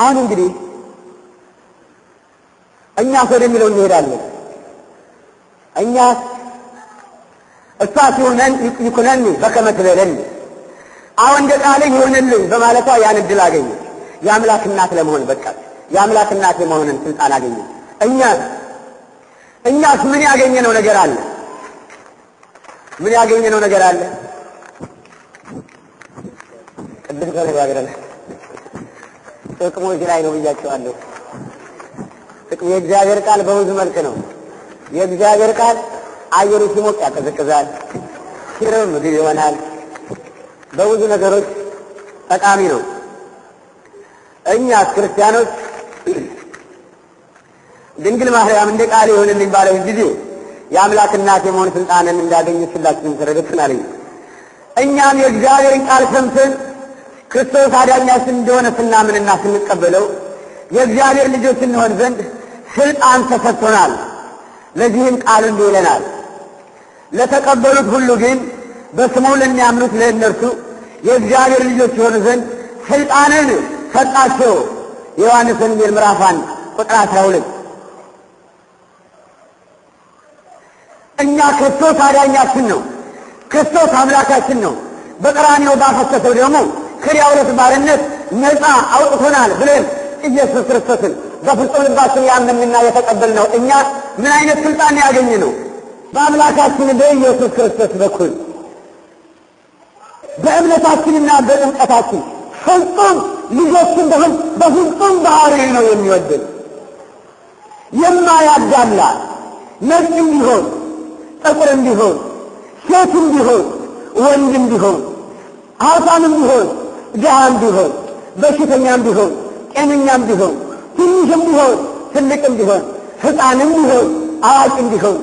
አሁን እንግዲህ እኛ እኛስ የሚለው እንሄዳለን። እኛ እሷ ሲሆነን ይኩነን በከመ ትቤለኒ አዎ እንደ ቃል ይሆንልኝ በማለቷ ያን እድል አገኘ። የአምላክ እናት ለመሆን በቃ የአምላክ እናት የመሆንን ስልጣን አገኘ። እኛ እኛስ ምን ያገኘነው ነገር አለ? ምን ያገኘነው ነገር አለ? ቅድም ተነጋግረናል። ጥቅሙ እዚህ ላይ ነው ብያቸዋለሁ። ጥቅሙ የእግዚአብሔር ቃል በብዙ መልክ ነው። የእግዚአብሔር ቃል አየሩ ሲሞቅ ያቀዘቅዛል፣ ሲርብ ምግብ ይሆናል። በብዙ ነገሮች ጠቃሚ ነው። እኛ ክርስቲያኖች ድንግል ማርያም እንደ ቃል ይሆንልኝ ባለው ጊዜ የአምላክ እናት የመሆን ስልጣንን እንዳገኘች ሁላችንም ተረድተን አለኝ። እኛም የእግዚአብሔርን ቃል ሰምተን ክርስቶስ አዳኛችን እንደሆነ ስናምንና ስንቀበለው የእግዚአብሔር ልጆች እንሆን ዘንድ ስልጣን ተሰጥቶናል። ለዚህም ቃል እንዲህ ይለናል፣ ለተቀበሉት ሁሉ ግን በስሙ ለሚያምኑት ለእነርሱ የእግዚአብሔር ልጆች የሆኑ ዘንድ ስልጣንን ሰጣቸው። የዮሐንስ ወንጌል ምዕራፍ አንድ ቁጥር አስራ ሁለት እኛ ክርስቶስ አዳኛችን ነው። ክርስቶስ አምላካችን ነው። በቀራንዮ ባፈሰሰው ደግሞ ከዲያብሎስ ባርነት ነፃ አውጥቶናል ብለን ኢየሱስ ክርስቶስን በፍጹም ልባችን ያመንና የተቀበልነው እኛ ምን አይነት ስልጣን ያገኘ ነው? በአምላካችን በኢየሱስ ክርስቶስ በኩል በእምነታችንና በጥምቀታችን ፍጹም ልጆች እንደሆን በፍጹም ባህሪ ነው የሚወድን የማያዳላ ነጭ እንዲሆን ጥቁርም ቢሆን ሴትም ቢሆን ወንድም ቢሆን ሀብታምም ቢሆን ድሃም ቢሆን በሽተኛም ቢሆን ጤነኛም ቢሆን ትንሽም ቢሆን ትልቅም ቢሆን ሕፃንም ቢሆን አዋቂም ቢሆን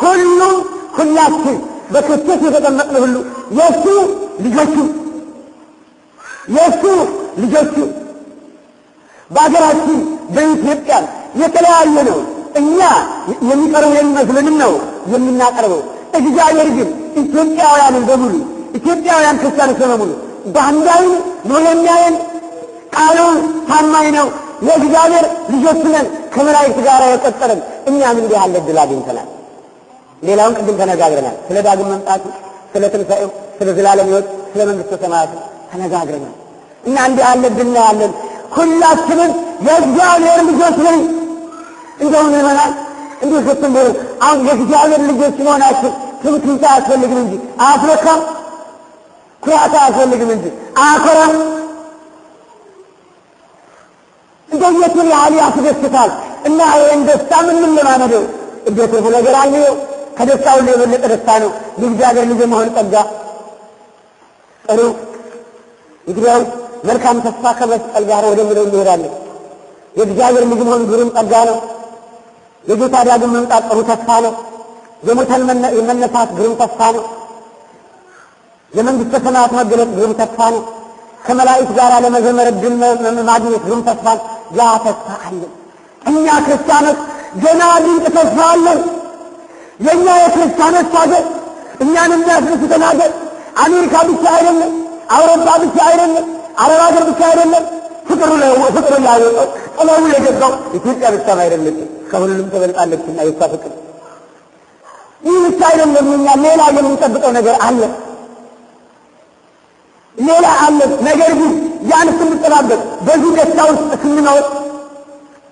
ሁሉም ሁላችን በክርስቶስ የተጠመቅን ሁሉ የእሱ ልጆቹ የእሱ ልጆቹ። በአገራችን በኢትዮጵያ የተለያየ ነው። እኛ የሚቀርቡ የሚመስልንም ነው የምናቀርበው። እግዚአብሔር ግን ኢትዮጵያውያንን በሙሉ ኢትዮጵያውያን ክርስቲያኖች በሙሉ ባንዳይን ዓይን ነው የሚያየን። ቃሉ ታማኝ ነው። የእግዚአብሔር ልጆች ነን፣ ከመላእክት ጋር የቆጠረን። እኛም እንዲህ ያለ ድል አግኝተናል። ሌላውን ቅድም ተነጋግረናል። ስለ ዳግም መምጣቱ፣ ስለ ትንሣኤው፣ ስለ ዘላለም ሕይወት፣ ስለ መንግሥተ ሰማያት ተነጋግረናል እና እንዲህ ያለ ድል ነው ያለን። ሁላችንም የእግዚአብሔር ልጆች ነን እንደሆነ ይመናል እንዲህ ስትምሩ አሁን የእግዚአብሔር ልጆች መሆናችሁ ትምክህት አያስፈልግም እንጂ አያስመካም፣ ኩራት አያስፈልግም እንጂ አያኮራም። እንደየቱን ያህል ያስደስታል እና ይህን ደስታ ምን ምን ለማመደው እንዴት ርፉ ነገር አልየው ከደስታ ሁሉ የበለጠ ደስታ ነው የእግዚአብሔር ልጅ መሆን ጸጋ። ጥሩ እንግዲያው መልካም ተስፋ ከመስቀል ጋር ወደ ምድር እንሄዳለን። የእግዚአብሔር ልጅ መሆን ግሩም ጸጋ ነው። የጌታ ዳግም መምጣት ጥሩ ተስፋ ነው። የሙታን መነሳት ግሩም ተስፋ ነው። የመንግስተ ሰማያት መገለጥ ግሩም ተስፋ ነው። ከመላእክት ጋር ለመዘመር ድል ማግኘት ግሩም ተስፋ ነው። ያ ተስፋ አለን። እኛ ክርስቲያኖች ገና ድንቅ ተስፋ አለን። የእኛ የክርስቲያኖች ሀገር እኛን የሚያስደስተን ሀገር አሜሪካ ብቻ አይደለም፣ አውሮፓ ብቻ አይደለም፣ አረብ ሀገር ብቻ አይደለም። ፍቅሩ ፍቅሩ ላወቀው ጥለው የገባው ኢትዮጵያ ብቻ አይደለም። ከሁሉም ትበልጣለችና የእሷ ፍቅር። ይህ ብቻ አይደለም፣ እኛ ሌላ የምንጠብቀው ነገር አለ፣ ሌላ አለ። ነገር ግን ያን ስንጠባበቅ፣ በዚህ ደስታ ውስጥ ስንኖር፣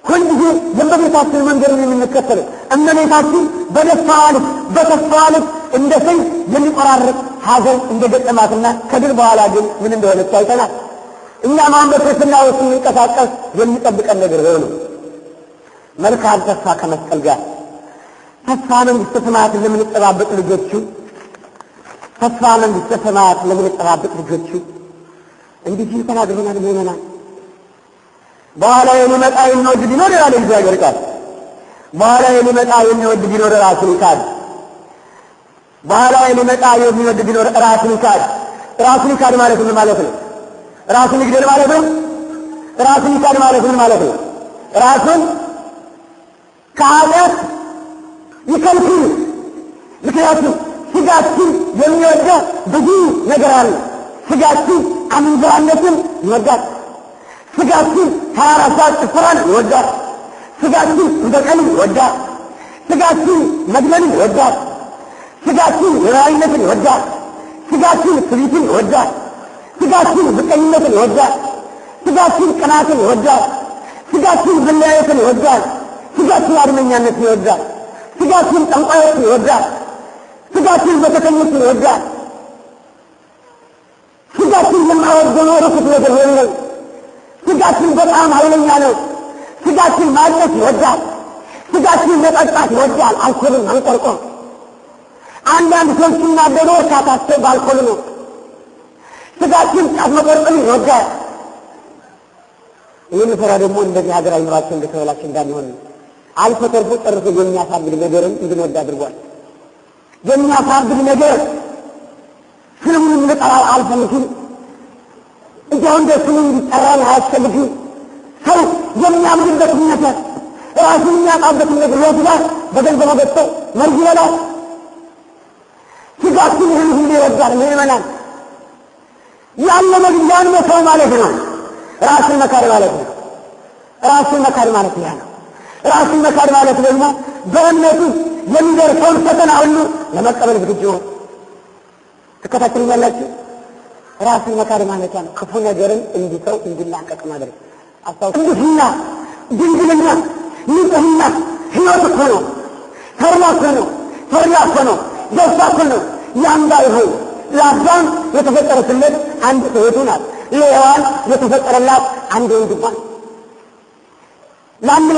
ሁልጊዜ የእመቤታችን መንገድን የምንከተል እመቤታችን በደስታዋ ልክ በተስፋዋ ልክ እንደ ሰይፍ የሚቆራረጥ ሀዘን እንደ ገጠማትና ከድል በኋላ ግን ምን እንደሆነ አይተናል። እኛ ማን በክርስትናው የሚንቀሳቀስ የሚጠብቀን ነገር ሆኖ መልካም ተስፋ ከመስቀል ጋር ተስፋ መንግስተ ሰማያት ለምንጠባበቅ ልጆቹ ተስፋ መንግስተ ሰማያት ለምንጠባበቅ ልጆቹ እንዲህ ሲል ተናግረናል ምዕመናን። በኋላ የሚመጣ የሚወድ ቢኖር ይላል እግዚአብሔር ቃል። በኋላ የሚመጣ የሚወድ ቢኖር ራሱን ይካድ። በኋላ የሚመጣ የሚወድ ቢኖር ራሱን ይካድ። ራሱን ይካድ ማለት ምን ማለት ነው? ራሱን ይግደል ማለት ነው። ራሱን ይካድ ማለት ምን ማለት ነው? ራሱን ካህናት ይከልክሉ። ምክንያቱም ስጋችን የሚወደ ብዙ ነገር አለ። ስጋችን አመንዝራነትን ይወዳል። ስጋችን ተራራሳ ጭፍራን ይወዳል። ስጋችን በቀልን ይወዳል። ስጋችን መግመልን ይወዳል። ስጋችን የበላይነትን ይወዳል። ስጋችን ትዕቢትን ይወዳል። ስጋችን ብቀኝነትን ይወዳል። ስጋችን ቅናትን ይወዳል። ስጋችን መለያየትን ይወዳል። ስጋትን አድመኛነት ይወዳል። ስጋትን ጠንቋዮች ይወዳል። ስጋትን በተተኞች ይወዳል። ስጋትን የማይወድ ኖሮ ነገር የለም። ስጋትን በጣም ኃይለኛ ነው። ስጋትን ማለት ይወዳል። ስጋችን መጠጣት ይወዳል። አልኮልን አንቆርቆ አንዳንድ ሰው ሲናደዱ እርካታቸው በአልኮል ነው። ስጋችን ጫት መቆርጠም ይወዳል። ይህን ፈራ ደግሞ እንደዚህ ሀገር አይኖራቸው እንደተበላቸው እንዳንሆን ነው። አልፎ ተርፎ ጨርሶ የሚያሳብድ ነገርም እንድንወድ አድርጓል። የሚያሳብድ ነገር ስሙን እንጠራው አልፈልግም። እንዲያው እንደ ስሙ እንዲጠራን አያስፈልግም። ሰው የሚያምድበት እምነት ራሱ የሚያጣበትን ነገር ይወስዳል። በገንዘብ ገጥቶ መርዝ ይበላል። ስጋችን ይህን ሁሉ ይወዳል። ምን ያለ መግቢያን መሰው ማለት ነው። ራስን መካድ ማለት ነው። ራስን መካድ ማለት ነው። ራሱን መካድ ማለት ደግሞ በእምነቱ የሚደርሰውን ፈተና ሁሉ ለመቀበል ዝግጁ ሆን። ትከታተሉ ያላችሁ ራሱን መካድ ማለት ነው። ክፉ ነገርን እንዲሰው እንዲላቀቅ ማድረግ አስታውሱ። እንድፍና ድንግልና፣ ንጽህና ህይወት እኮ ነው። ተርላ እኮ ነው። ተርላ እኮ ነው። ደስታ እኮ ነው። ያንዳ ይሆን ለአዳም የተፈጠረችለት አንድ እህቱ ናት። ለሔዋን የተፈጠረላት አንድ ወንድሟ ለአንድ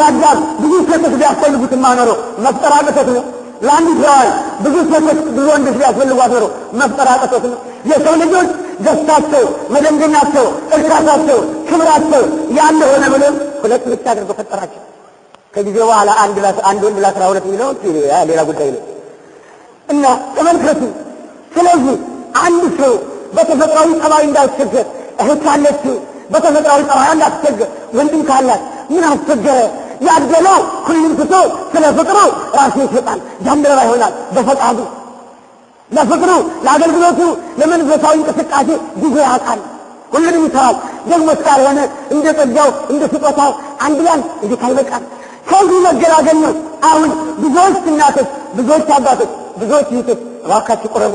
ብዙ ሴቶች ቢያስፈልጉት ማኖረው መፍጠራቀቶት ነው። ለአንድ ሰዋል ብዙ ሴቶች ብዙ ወንዶች ቢያስፈልጓት ኖሮ መፍጠራቀቶት ነው። የሰው ልጆች ደስታቸው፣ መደንገኛቸው፣ እርካታቸው፣ ክብራቸው ያለ ሆነ ብሎ ሁለት ብቻ አድርገው ፈጠራቸው። ከጊዜ በኋላ አንድ አንድ ወንድ ለአስራ ሁለት የሚለው ሌላ ጉዳይ ነው እና ተመልከቱ። ስለዚህ አንድ ሰው በተፈጥሯዊ ጠባይ እንዳይቸገር፣ እህት ካለችው በተፈጥሯዊ ጠባይ እንዳትቸገር፣ ወንድም ካላት ምን አስቸገረ? ያደለው ሁሉም ትቶ ስለ ፍቅሩ ራሱ ይሰጣል። ጃንደረባ ይሆናል በፈቃዱ ለፍቅሩ፣ ለአገልግሎቱ፣ ለመንፈሳዊ እንቅስቃሴ ጉዞ ያውቃል። ሁሉንም ይሰራል። ደግሞ እስካልሆነ እንደ ጸጋው እንደ ስጦታው አንድ ያን እንዴት አይበቃል? ከዚህ መገላገል ነው። አሁን ብዙዎች እናቶች፣ ብዙዎች አባቶች፣ ብዙዎች ይቶች እባካችሁ ቁረቡ።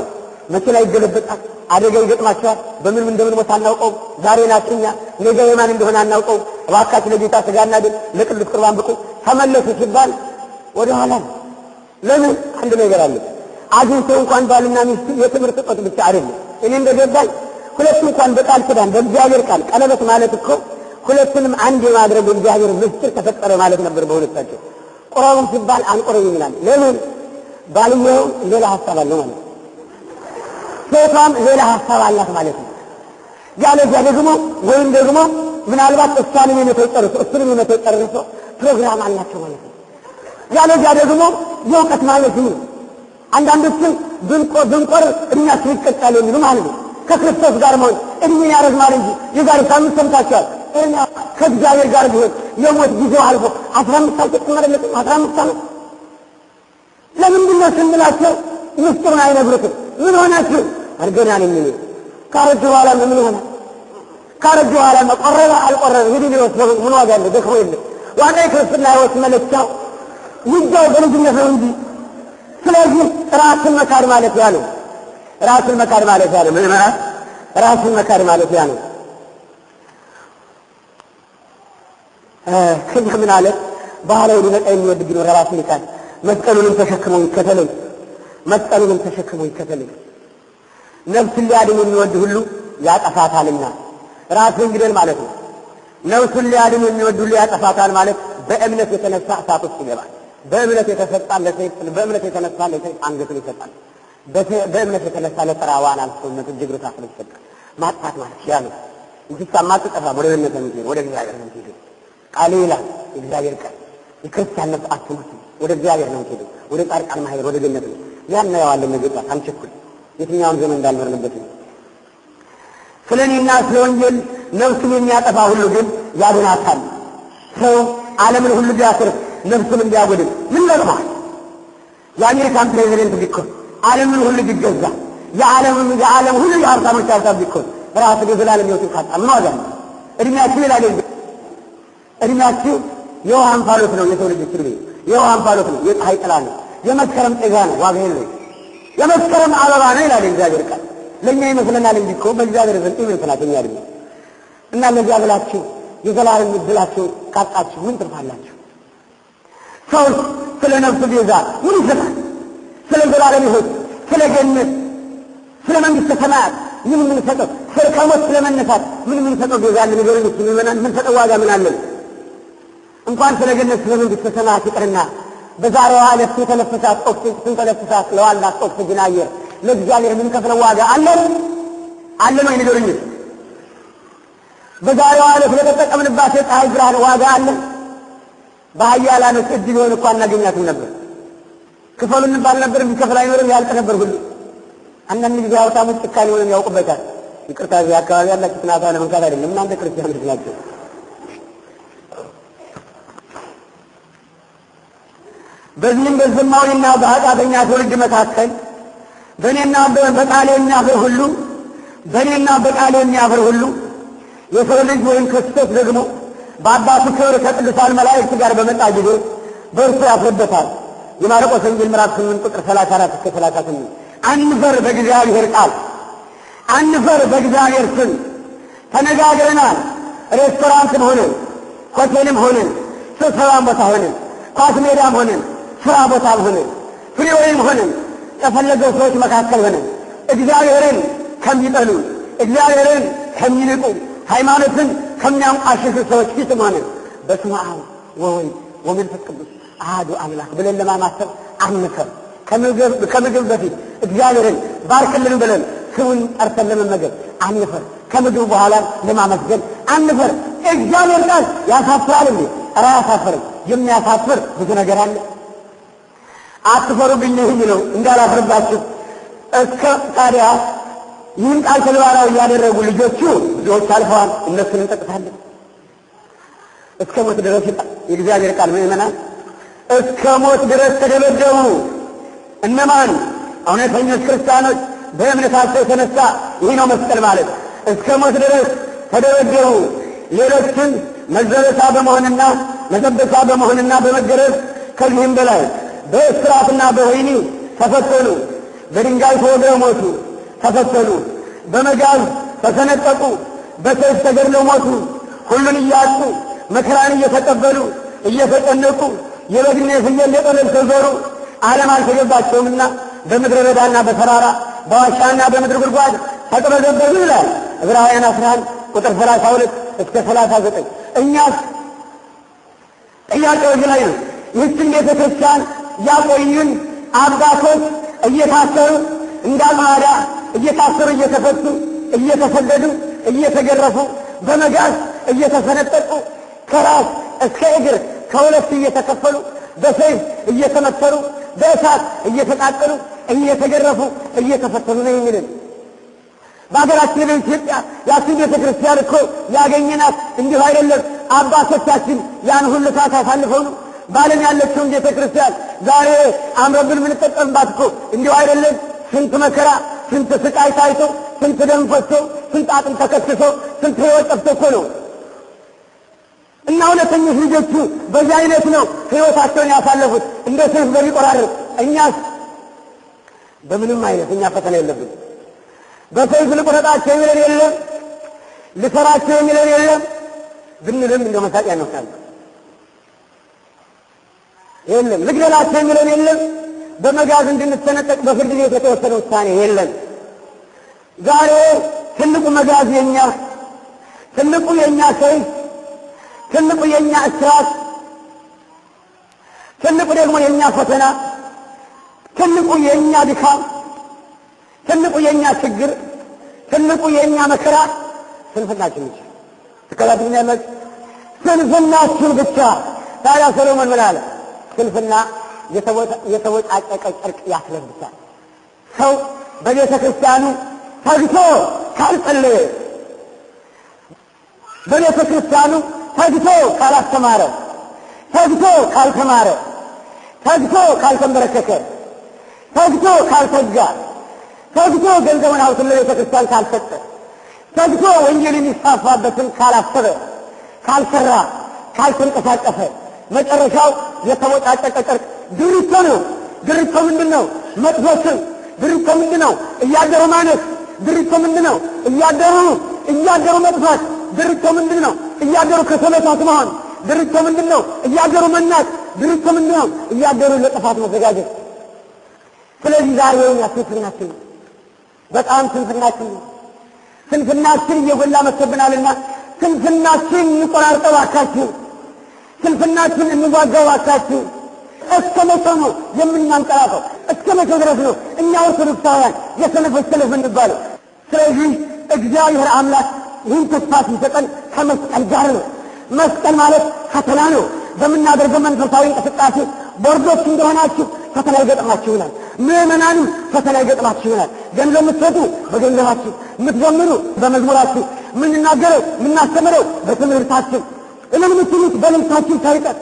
መኪና ይገለበጣል፣ አደጋ ይገጥማቸዋል። በምን እንደምን ሞት አናውቀው። ዛሬ ናችኛ ነገ የማን እንደሆነ አናውቀው። እባካችሁ ለጌታ ስጋና ደም ለቅዱስ ቁርባን ብቁ ተመለሱ ሲባል ወደ ለምን? አንድ ነገር አለ። አግኝተው እንኳን ባልና ሚስት የትምህርት እውቀት ብቻ አይደለም። እኔ እንደገባኝ ሁለቱ እንኳን በቃል ኪዳን በእግዚአብሔር ቃል ቀለበት ማለት እኮ ሁለቱንም አንድ የማድረግ እግዚአብሔር ምስጢር ተፈጠረ ማለት ነበር። በሁለታቸው ቁረቡም ሲባል አንቆረብም ይላል። ለምን? ባልየው ሌላ ሀሳብ አለው ማለት ነው። ሴቷም ሌላ ሀሳብ አላት ማለት ነው። ያለዚያ ደግሞ ወይም ደግሞ ምናልባት እሷንም የመተጨርሱ እሱንም የመተጨርሱ ፕሮግራም አላቸው ማለት ነው። ያለዚያ ደግሞ የእውቀት ማለት ነው። አንዳንዶችም ብንቆር እድሜያችን ይቀጣል የሚሉ ማለት ነው። ከክርስቶስ ጋር መሆን እድሜን ያረዝማል እንጂ የዛሬ ሳምንት ሰምታችኋል። ከእግዚአብሔር ጋር ቢሆን የሞት ጊዜው አልፎ አስራ አምስት አልተጨመረ አስራ አምስት ዓመት ለምንድን ስንላቸው ምስጢሩን አይነግሩትም። ምን ሆናችሁ አድርገናል የሚሉ ካረጀ በኋላ ምን ይሆናል? ካረጀ በኋላ መቆረበ አልቆረበ እንግዲህ ሊወስደው ምን ዋጋ አለ? ደክሞ የለ። ዋና የክርስትና ሕይወት መለኪያው ይዛው በልጅነት ነው እንጂ። ስለዚህ ራስን መካድ ማለት ያ ነው። ራስን መካድ ማለት ያ ነው። ምን ራስን መካድ ማለት ያ ነው። ከዚያ ምን አለ? ባህላዊ ሊበቃ የሚወድ ቢኖር ራሱን ይካድ፣ መስቀሉንም ተሸክመው ይከተለኝ፣ መስቀሉንም ተሸክመው ይከተለኝ። ነፍስን ሊያድን የሚወድ ሁሉ ያጠፋታልና ራሱን ግደል ማለት ነው። ነፍሱን ሊያድን የሚወድ ሁሉ ያጠፋታል ማለት በእምነት የተነሳ እሳት ውስጥ ይገባል። በእምነት የተሰጣ ለሰይጣን በእምነት የተነሳ ለሰይጣን አንገቱን ይሰጣል። በእምነት የተነሳ ለተራዋ አልሰውነት ጅግር ታፍል ይሰጣል። ማጥፋት ማለት ያ ነው እንጂ ማትጠፋ ወደ ወደ እግዚአብሔር ነው የምትሄድ ቃል ይላል እግዚአብሔር ቃል የክርስቲያን ነፍስ አትሙት ወደ እግዚአብሔር ነው የምትሄድ ወደ ጻድቃን ማህበር ወደ ገነት ነው ያን ነው ያለው። ነገጣ አንቸኩል የትኛውም ዘመን እንዳልኖርንበት ነው። ስለ እኔና ስለ ወንጌል ነፍሱን የሚያጠፋ ሁሉ ግን ያድናታል። ሰው ዓለምን ሁሉ ቢያስርፍ ነፍሱን ቢያጎድል ምን ይጠቅማል? የአሜሪካን ፕሬዚደንት ቢኮን ዓለምን ሁሉ ቢገዛ የዓለም የዓለም ሁሉ የሀብታሞች ሀብታም ቢኮን ራሱ ግን ዘላለም ይወጡ ካጣ ምን ዋጋ ነው? እድሜያችሁ ይላል እድሜያችሁ የውሃ እንፋሎት ነው። የሰው ልጅ ስሉ የውሃ እንፋሎት ነው። የፀሐይ ጥላ ነው። የመስከረም ጤዛ ነው። ዋጋ የለውም። የመስከረም አበባ ነው ይላል እግዚአብሔር ቃል። ለእኛ ይመስለናል እንጂ እኮ በእግዚአብሔር ዘንድ ይመስላት እኛ አይደለም። እና ለዚያ ብላችሁ የዘላለም ዕድላችሁ ካጣችሁ ምን ትርፋላችሁ? ሰው ስለ ነፍሱ ቤዛ ምን ይሰጣል? ስለ ዘላለም ይሁት፣ ስለ ገነት፣ ስለ መንግስተ ሰማያት ምን ምን ሰጠው? ስለ ከሞት ስለመነሳት ምን ምን ሰጠው? ቤዛ ለነገሩ ምን ሰጠው? ዋጋ ምን አለን? እንኳን ስለ ገነት ስለ መንግስተ ሰማያት ይቅርና በዛሬዋ ዕለት የተነፈሳት ስንተነፍሳት ለዋልናት ኦክሲጅን አየር ለእግዚአብሔር የምንከፍለው ዋጋ አለን አለን ወይ ንገሩኝ። በዛሬዋ ዕለት ለተጠቀምንባት የፀሐይ ብርሃን ዋጋ አለን? በሀያላኖች እጅ ቢሆን እኮ አናገኛትም ነበር። ክፈሉ እንባል ነበር፣ ቢከፍል አይኖርም ያልቅ ነበር ሁሉ። አንዳንድ ጊዜ ሀብታሞች ጭካኔ ሆነን ያውቁበታል። ይቅርታ፣ እዚህ አካባቢ ያላችሁ ትናፋ ለመንካት አይደለም፣ እናንተ ክርስቲያኖች ናቸው። በዚህም በዘማዊና በኃጢአተኛ ትውልድ መካከል በእኔና በቃሌ የሚያፍር ሁሉ በእኔና በቃሌ የሚያፍር ሁሉ የሰው ልጅ ወይም ክርስቶስ ደግሞ በአባቱ ክብር ከቅዱሳን መላእክት ጋር በመጣ ጊዜ በእርሱ ያፍርበታል። የማርቆስ ወንጌል ምዕራፍ ስምንት ቁጥር አራት እስከ ስምንት አንፈር በእግዚአብሔር ቃል አንፈር በእግዚአብሔር ስም ተነጋግረናል። ሬስቶራንትም ሆንን ሆቴልም ሆንን ስብሰባም ቦታ ሆንን ኳስ ሜዳም ሆንን ስራ ቦታም ሆንን፣ ወይም ሆንን፣ የፈለገው ሰዎች መካከል ሆንን። እግዚአብሔርን ከሚጠሉ እግዚአብሔርን ከሚንቁ ሃይማኖትን ከሚያንቋሽሹ ሰዎች ፊት ሆንን በስመ አብ ወወልድ ወመንፈስ ቅዱስ አምላክ ብለን ለማማሰብ አንከር። ከምግብ በፊት እግዚአብሔርን ባርክልን ብለን ስሙን ጠርተን ለመመገብ አንፈር። ከምግብ በኋላ ለማመስገን አንፈር። እግዚአብሔር ቃል ያሳፍራል እንዴ? ኧረ አያሳፍርም። የሚያሳፍር ብዙ ነገር አለ። አትፈሩብኝም ነው እንዳላፍርባችሁ። እስከ ታዲያ ይህን ቃል ተግባራዊ ያደረጉ ልጆቹ ብዙዎች አልፈዋል። እነሱን እንጠቅሳለን። እስከ ሞት ድረስ የእግዚአብሔር ቃል ምእመናን እስከ ሞት ድረስ ተደበደቡ። እነማን? እውነተኞች ክርስቲያኖች በእምነታቸው የተነሳ ይህ ነው መስቀል ማለት። እስከ ሞት ድረስ ተደበደቡ። ሌሎችን መዘበሻ በመሆንና መዘበሻ በመሆንና በመገረዝ ከዚህም በላይ በእስራትና በወህኒ ተፈተኑ። በድንጋይ ተወግረው ሞቱ፣ ተፈተኑ። በመጋዝ ተሰነጠቁ፣ በሰይፍ ተገድለው ሞቱ። ሁሉን እያጡ መከራን እየተቀበሉ እየተጨነቁ የበግና የፍየል የጠለል ተዞሩ። ዓለም አልተገባቸውምና በምድረ በዳና በተራራ በዋሻና በምድር ጉድጓድ ተቅበዘበዙ ይላል ዕብራውያን 11 ቁጥር 32 እስከ 39። እኛስ ጥያቄዎች ላይ ነው። ይህችን ቤተ ክርስቲያን ያቆዩን አባቶች እየታሰሩ እንደ እየታሰሩ እየተፈቱ እየተሰደዱ እየተገረፉ በመጋዝ እየተሰነጠቁ ከራስ እስከ እግር ከሁለት እየተከፈሉ በሰይፍ እየተመተሩ በእሳት እየተቃጠሉ እየተገረፉ እየተፈተኑ ነው የሚልን በሀገራችን በኢትዮጵያ ያችን ቤተ ክርስቲያን እኮ ያገኘናት እንዲሁ አይደለም። አባቶቻችን ያን ሁሉ ሰዓት አሳልፈው ነው በዓለም ያለችውን ቤተ ክርስቲያን ዛሬ አምረብን የምንጠቀምባት እኮ እንዲሁ አይደለም። ስንት መከራ፣ ስንት ስቃይ ታይቶ፣ ስንት ደም ፈሶ፣ ስንት አጥንት ተከስሶ፣ ስንት ህይወት ጠፍቶ እኮ ነው። እና ሁለተኞች ልጆቹ በዚህ አይነት ነው ህይወታቸውን ያሳለፉት እንደ ሰይፍ በሚቆራርጥ እኛስ በምንም አይነት እኛ ፈተና የለብን። በሰይፍ ልቁረጣቸው የሚለን የለም፣ ልሰራቸው የሚለን የለም። ብንልም እንደ መሳቂያ እንወስዳለን። የለም። ልግደላቸው የሚለን የለም። በመጋዝ እንድንሰነጠቅ በፍርድ ቤት የተወሰነ ውሳኔ የለም። ዛሬ ትልቁ መጋዝ የኛ ትልቁ የኛ ሰይፍ፣ ትልቁ የኛ እስራት፣ ትልቁ ደግሞ የኛ ፈተና፣ ትልቁ የኛ ድካም፣ ትልቁ የኛ ችግር፣ ትልቁ የኛ መከራ ስንፍናችን ብቻ ትከላትኛ ስንፍናችን ብቻ። ታዲያ ሰሎሞን ምን አለ? ስንፍና የተወጣጨቀ ጨርቅ ያስለብሳል። ሰው በቤተ ክርስቲያኑ ተግቶ ካልጸለየ፣ በቤተ ክርስቲያኑ ተግቶ ካላስተማረ፣ ተግቶ ካልተማረ፣ ተግቶ ካልተንበረከከ፣ ተግቶ ካልተጋ፣ ተግቶ ገንዘቡን አውጥቶ ለቤተ ክርስቲያን ካልሰጠ፣ ተግቶ ወንጌል የሚስፋፋበትን ካላሰበ፣ ካልሰራ፣ ካልተንቀሳቀሰ መጨረሻው የተቦጫጨቀ ጨርቅ ድሪቶ ነው። ድሪቶ ምንድን ነው? መጥፎ ስም። ድሪቶ ምንድን ነው? እያደሩ ማነስ። ድሪቶ ምንድን ነው? እያደሩ እያደሩ መጥፋት። ድሪቶ ምንድን ነው? እያደሩ ከሰበታት መሆን። ድሪቶ ምንድን ነው? እያደሩ መናት። ድሪቶ ምንድን ነው? እያደሩ ለጥፋት መዘጋጀት። ስለዚህ ዛሬ የኛ ስንፍናችን በጣም ስንፍናችን ስንፍናችን እየጎላ መጥቶብናልና ስንፍናችን እንቆራርጠው አካችን ስንፍናችን እንዋጋው አካችሁ እስከ መቼ ነው የምናንቀላፈው? እስከ መቼ ድረስ ነው እኛ ኦርቶዶክሳውያን የሰነፎች ሰለፍ እንባለው? ስለዚህ እግዚአብሔር አምላክ ይህን ተስፋ ሲሰጠን ከመስቀል ጋር ነው። መስቀል ማለት ፈተና ነው። በምናደርገው መንፈሳዊ እንቅስቃሴ ቦርዶች እንደሆናችሁ ፈተና ይገጥማችሁ ይሆናል። ምእመናንም ፈተና ይገጥማችሁ ይሆናል። ገንዘብ የምትሰጡ በገንዘባችሁ፣ የምትዘምሩ በመዝሙራችሁ፣ የምንናገረው የምናስተምረው በትምህርታችን እምን ምትሉት በልብሳችሁ ሳይቀር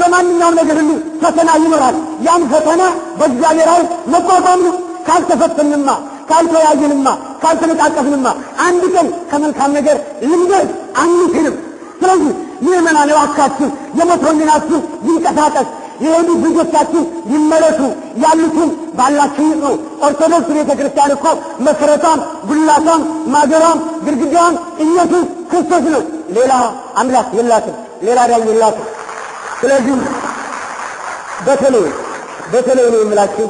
በማንኛውም ነገር ሁሉ ፈተና ይኖራል። ያን ፈተና በእግዚአብሔር ኃይል መቋቋም ነው። ካልተፈተንንማ፣ ካልተወያየንማ፣ ካልተነቃቀፍንማ አንድ ቀን ከመልካም ነገር ልንደርስ አንችልም። ስለዚህ ምዕመናን እባካችሁ የሞት ወንድናችሁ ይንቀሳቀስ። የሄዱ ልጆቻችሁ ይመለሱ። ያሉትን ባላችሁ ይጽኑ። ኦርቶዶክስ ቤተ ክርስቲያን እኮ መሰረቷም፣ ጉልላቷም፣ ማገሯም፣ ግድግዳዋም ኢየሱስ ክርስቶስ ነው። ሌላ አምላክ የላትም፣ ሌላ ዳኝ የላትም። ስለዚህ በተለይ በተለይ ነው የምላችሁ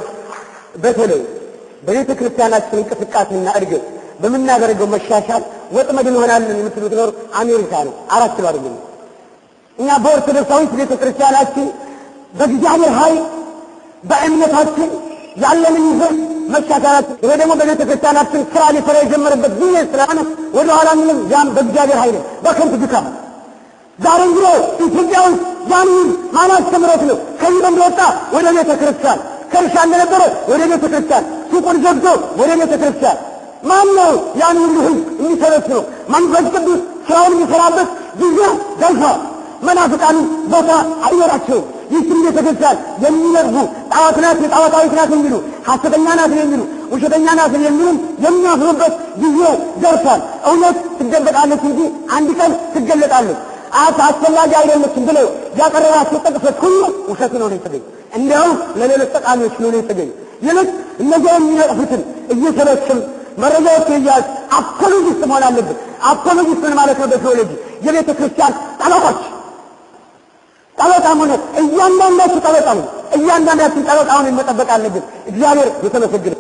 በተለይ በቤተ ክርስቲያናችን እንቅስቃሴና እድገት በምናደርገው መሻሻል ወጥመድ እንሆናለን የምትሉት ኖር አሜሪካ ነው። አራት ኪሎ አይደለም። እኛ በኦርቶዶክሳዊት ቤተ ክርስቲያናችን በእግዚአብሔር ኃይል በእምነታችን ያለንን ይዘን መሻሻላት ይሄ ደግሞ በቤተ ክርስቲያናችን ስራ ሊሰራ የጀመረበት ጊዜ ስለሆነ ወደ ኋላ ምንም ያም በእግዚአብሔር ኃይል በከንቱ ድካም ዛሬ እንግዲ ኢትዮጵያ ውስጥ ያን ማን አስተምሮት ነው? ከዚህ በሚወጣ ወደ ቤተ ክርስቲያን ከእርሻ እንደነበረ ወደ ቤተ ክርስቲያን ሱቁን ዘግቶ ወደ ቤተ ክርስቲያን ማን ነው ያን ሁሉ ህዝብ የሚሰበት ነው? መንፈስ ቅዱስ ስራውን የሚሰራበት ጊዜ ደልፋ መናፍቃኑ ቦታ አይኖራቸውም። ይህች ቤተክርስቲያን የሚነቅፉ ጣዖት ናት፣ የጣዖታዊት ናት የሚሉ ሐሰተኛ ናት የሚሉ ውሸተኛ ናት የሚሉም የሚያፍሩበት ጊዜው ደርሷል። እውነት ትደበቃለች እንጂ አንድ ቀን ትገለጣለች። አፍ አስፈላጊ አይደለችም ብለው ያቀረባቸው ጥቅሶች ሁሉ ውሸት ነው ነው የተገኙ እንዲያውም ለሌሎች ጠቃሚዎች ነው የተገኙ ሌሎች እነዚያ የሚነቅፉትን እየሰበስም መረጃዎች እያዝ አፖሎጂስት መሆን አለብን። አፖሎጂስት ምን ማለት ነው? በቴዎሎጂ የቤተ ክርስቲያን ጠበቆች ጠበቃ ሆነ እያንዳንዳችሁ ጠበቃ ሆነ እያንዳንዳችሁ ጠበቃ ሆነ መጠበቅ አለብን። እግዚአብሔር የተመሰገነ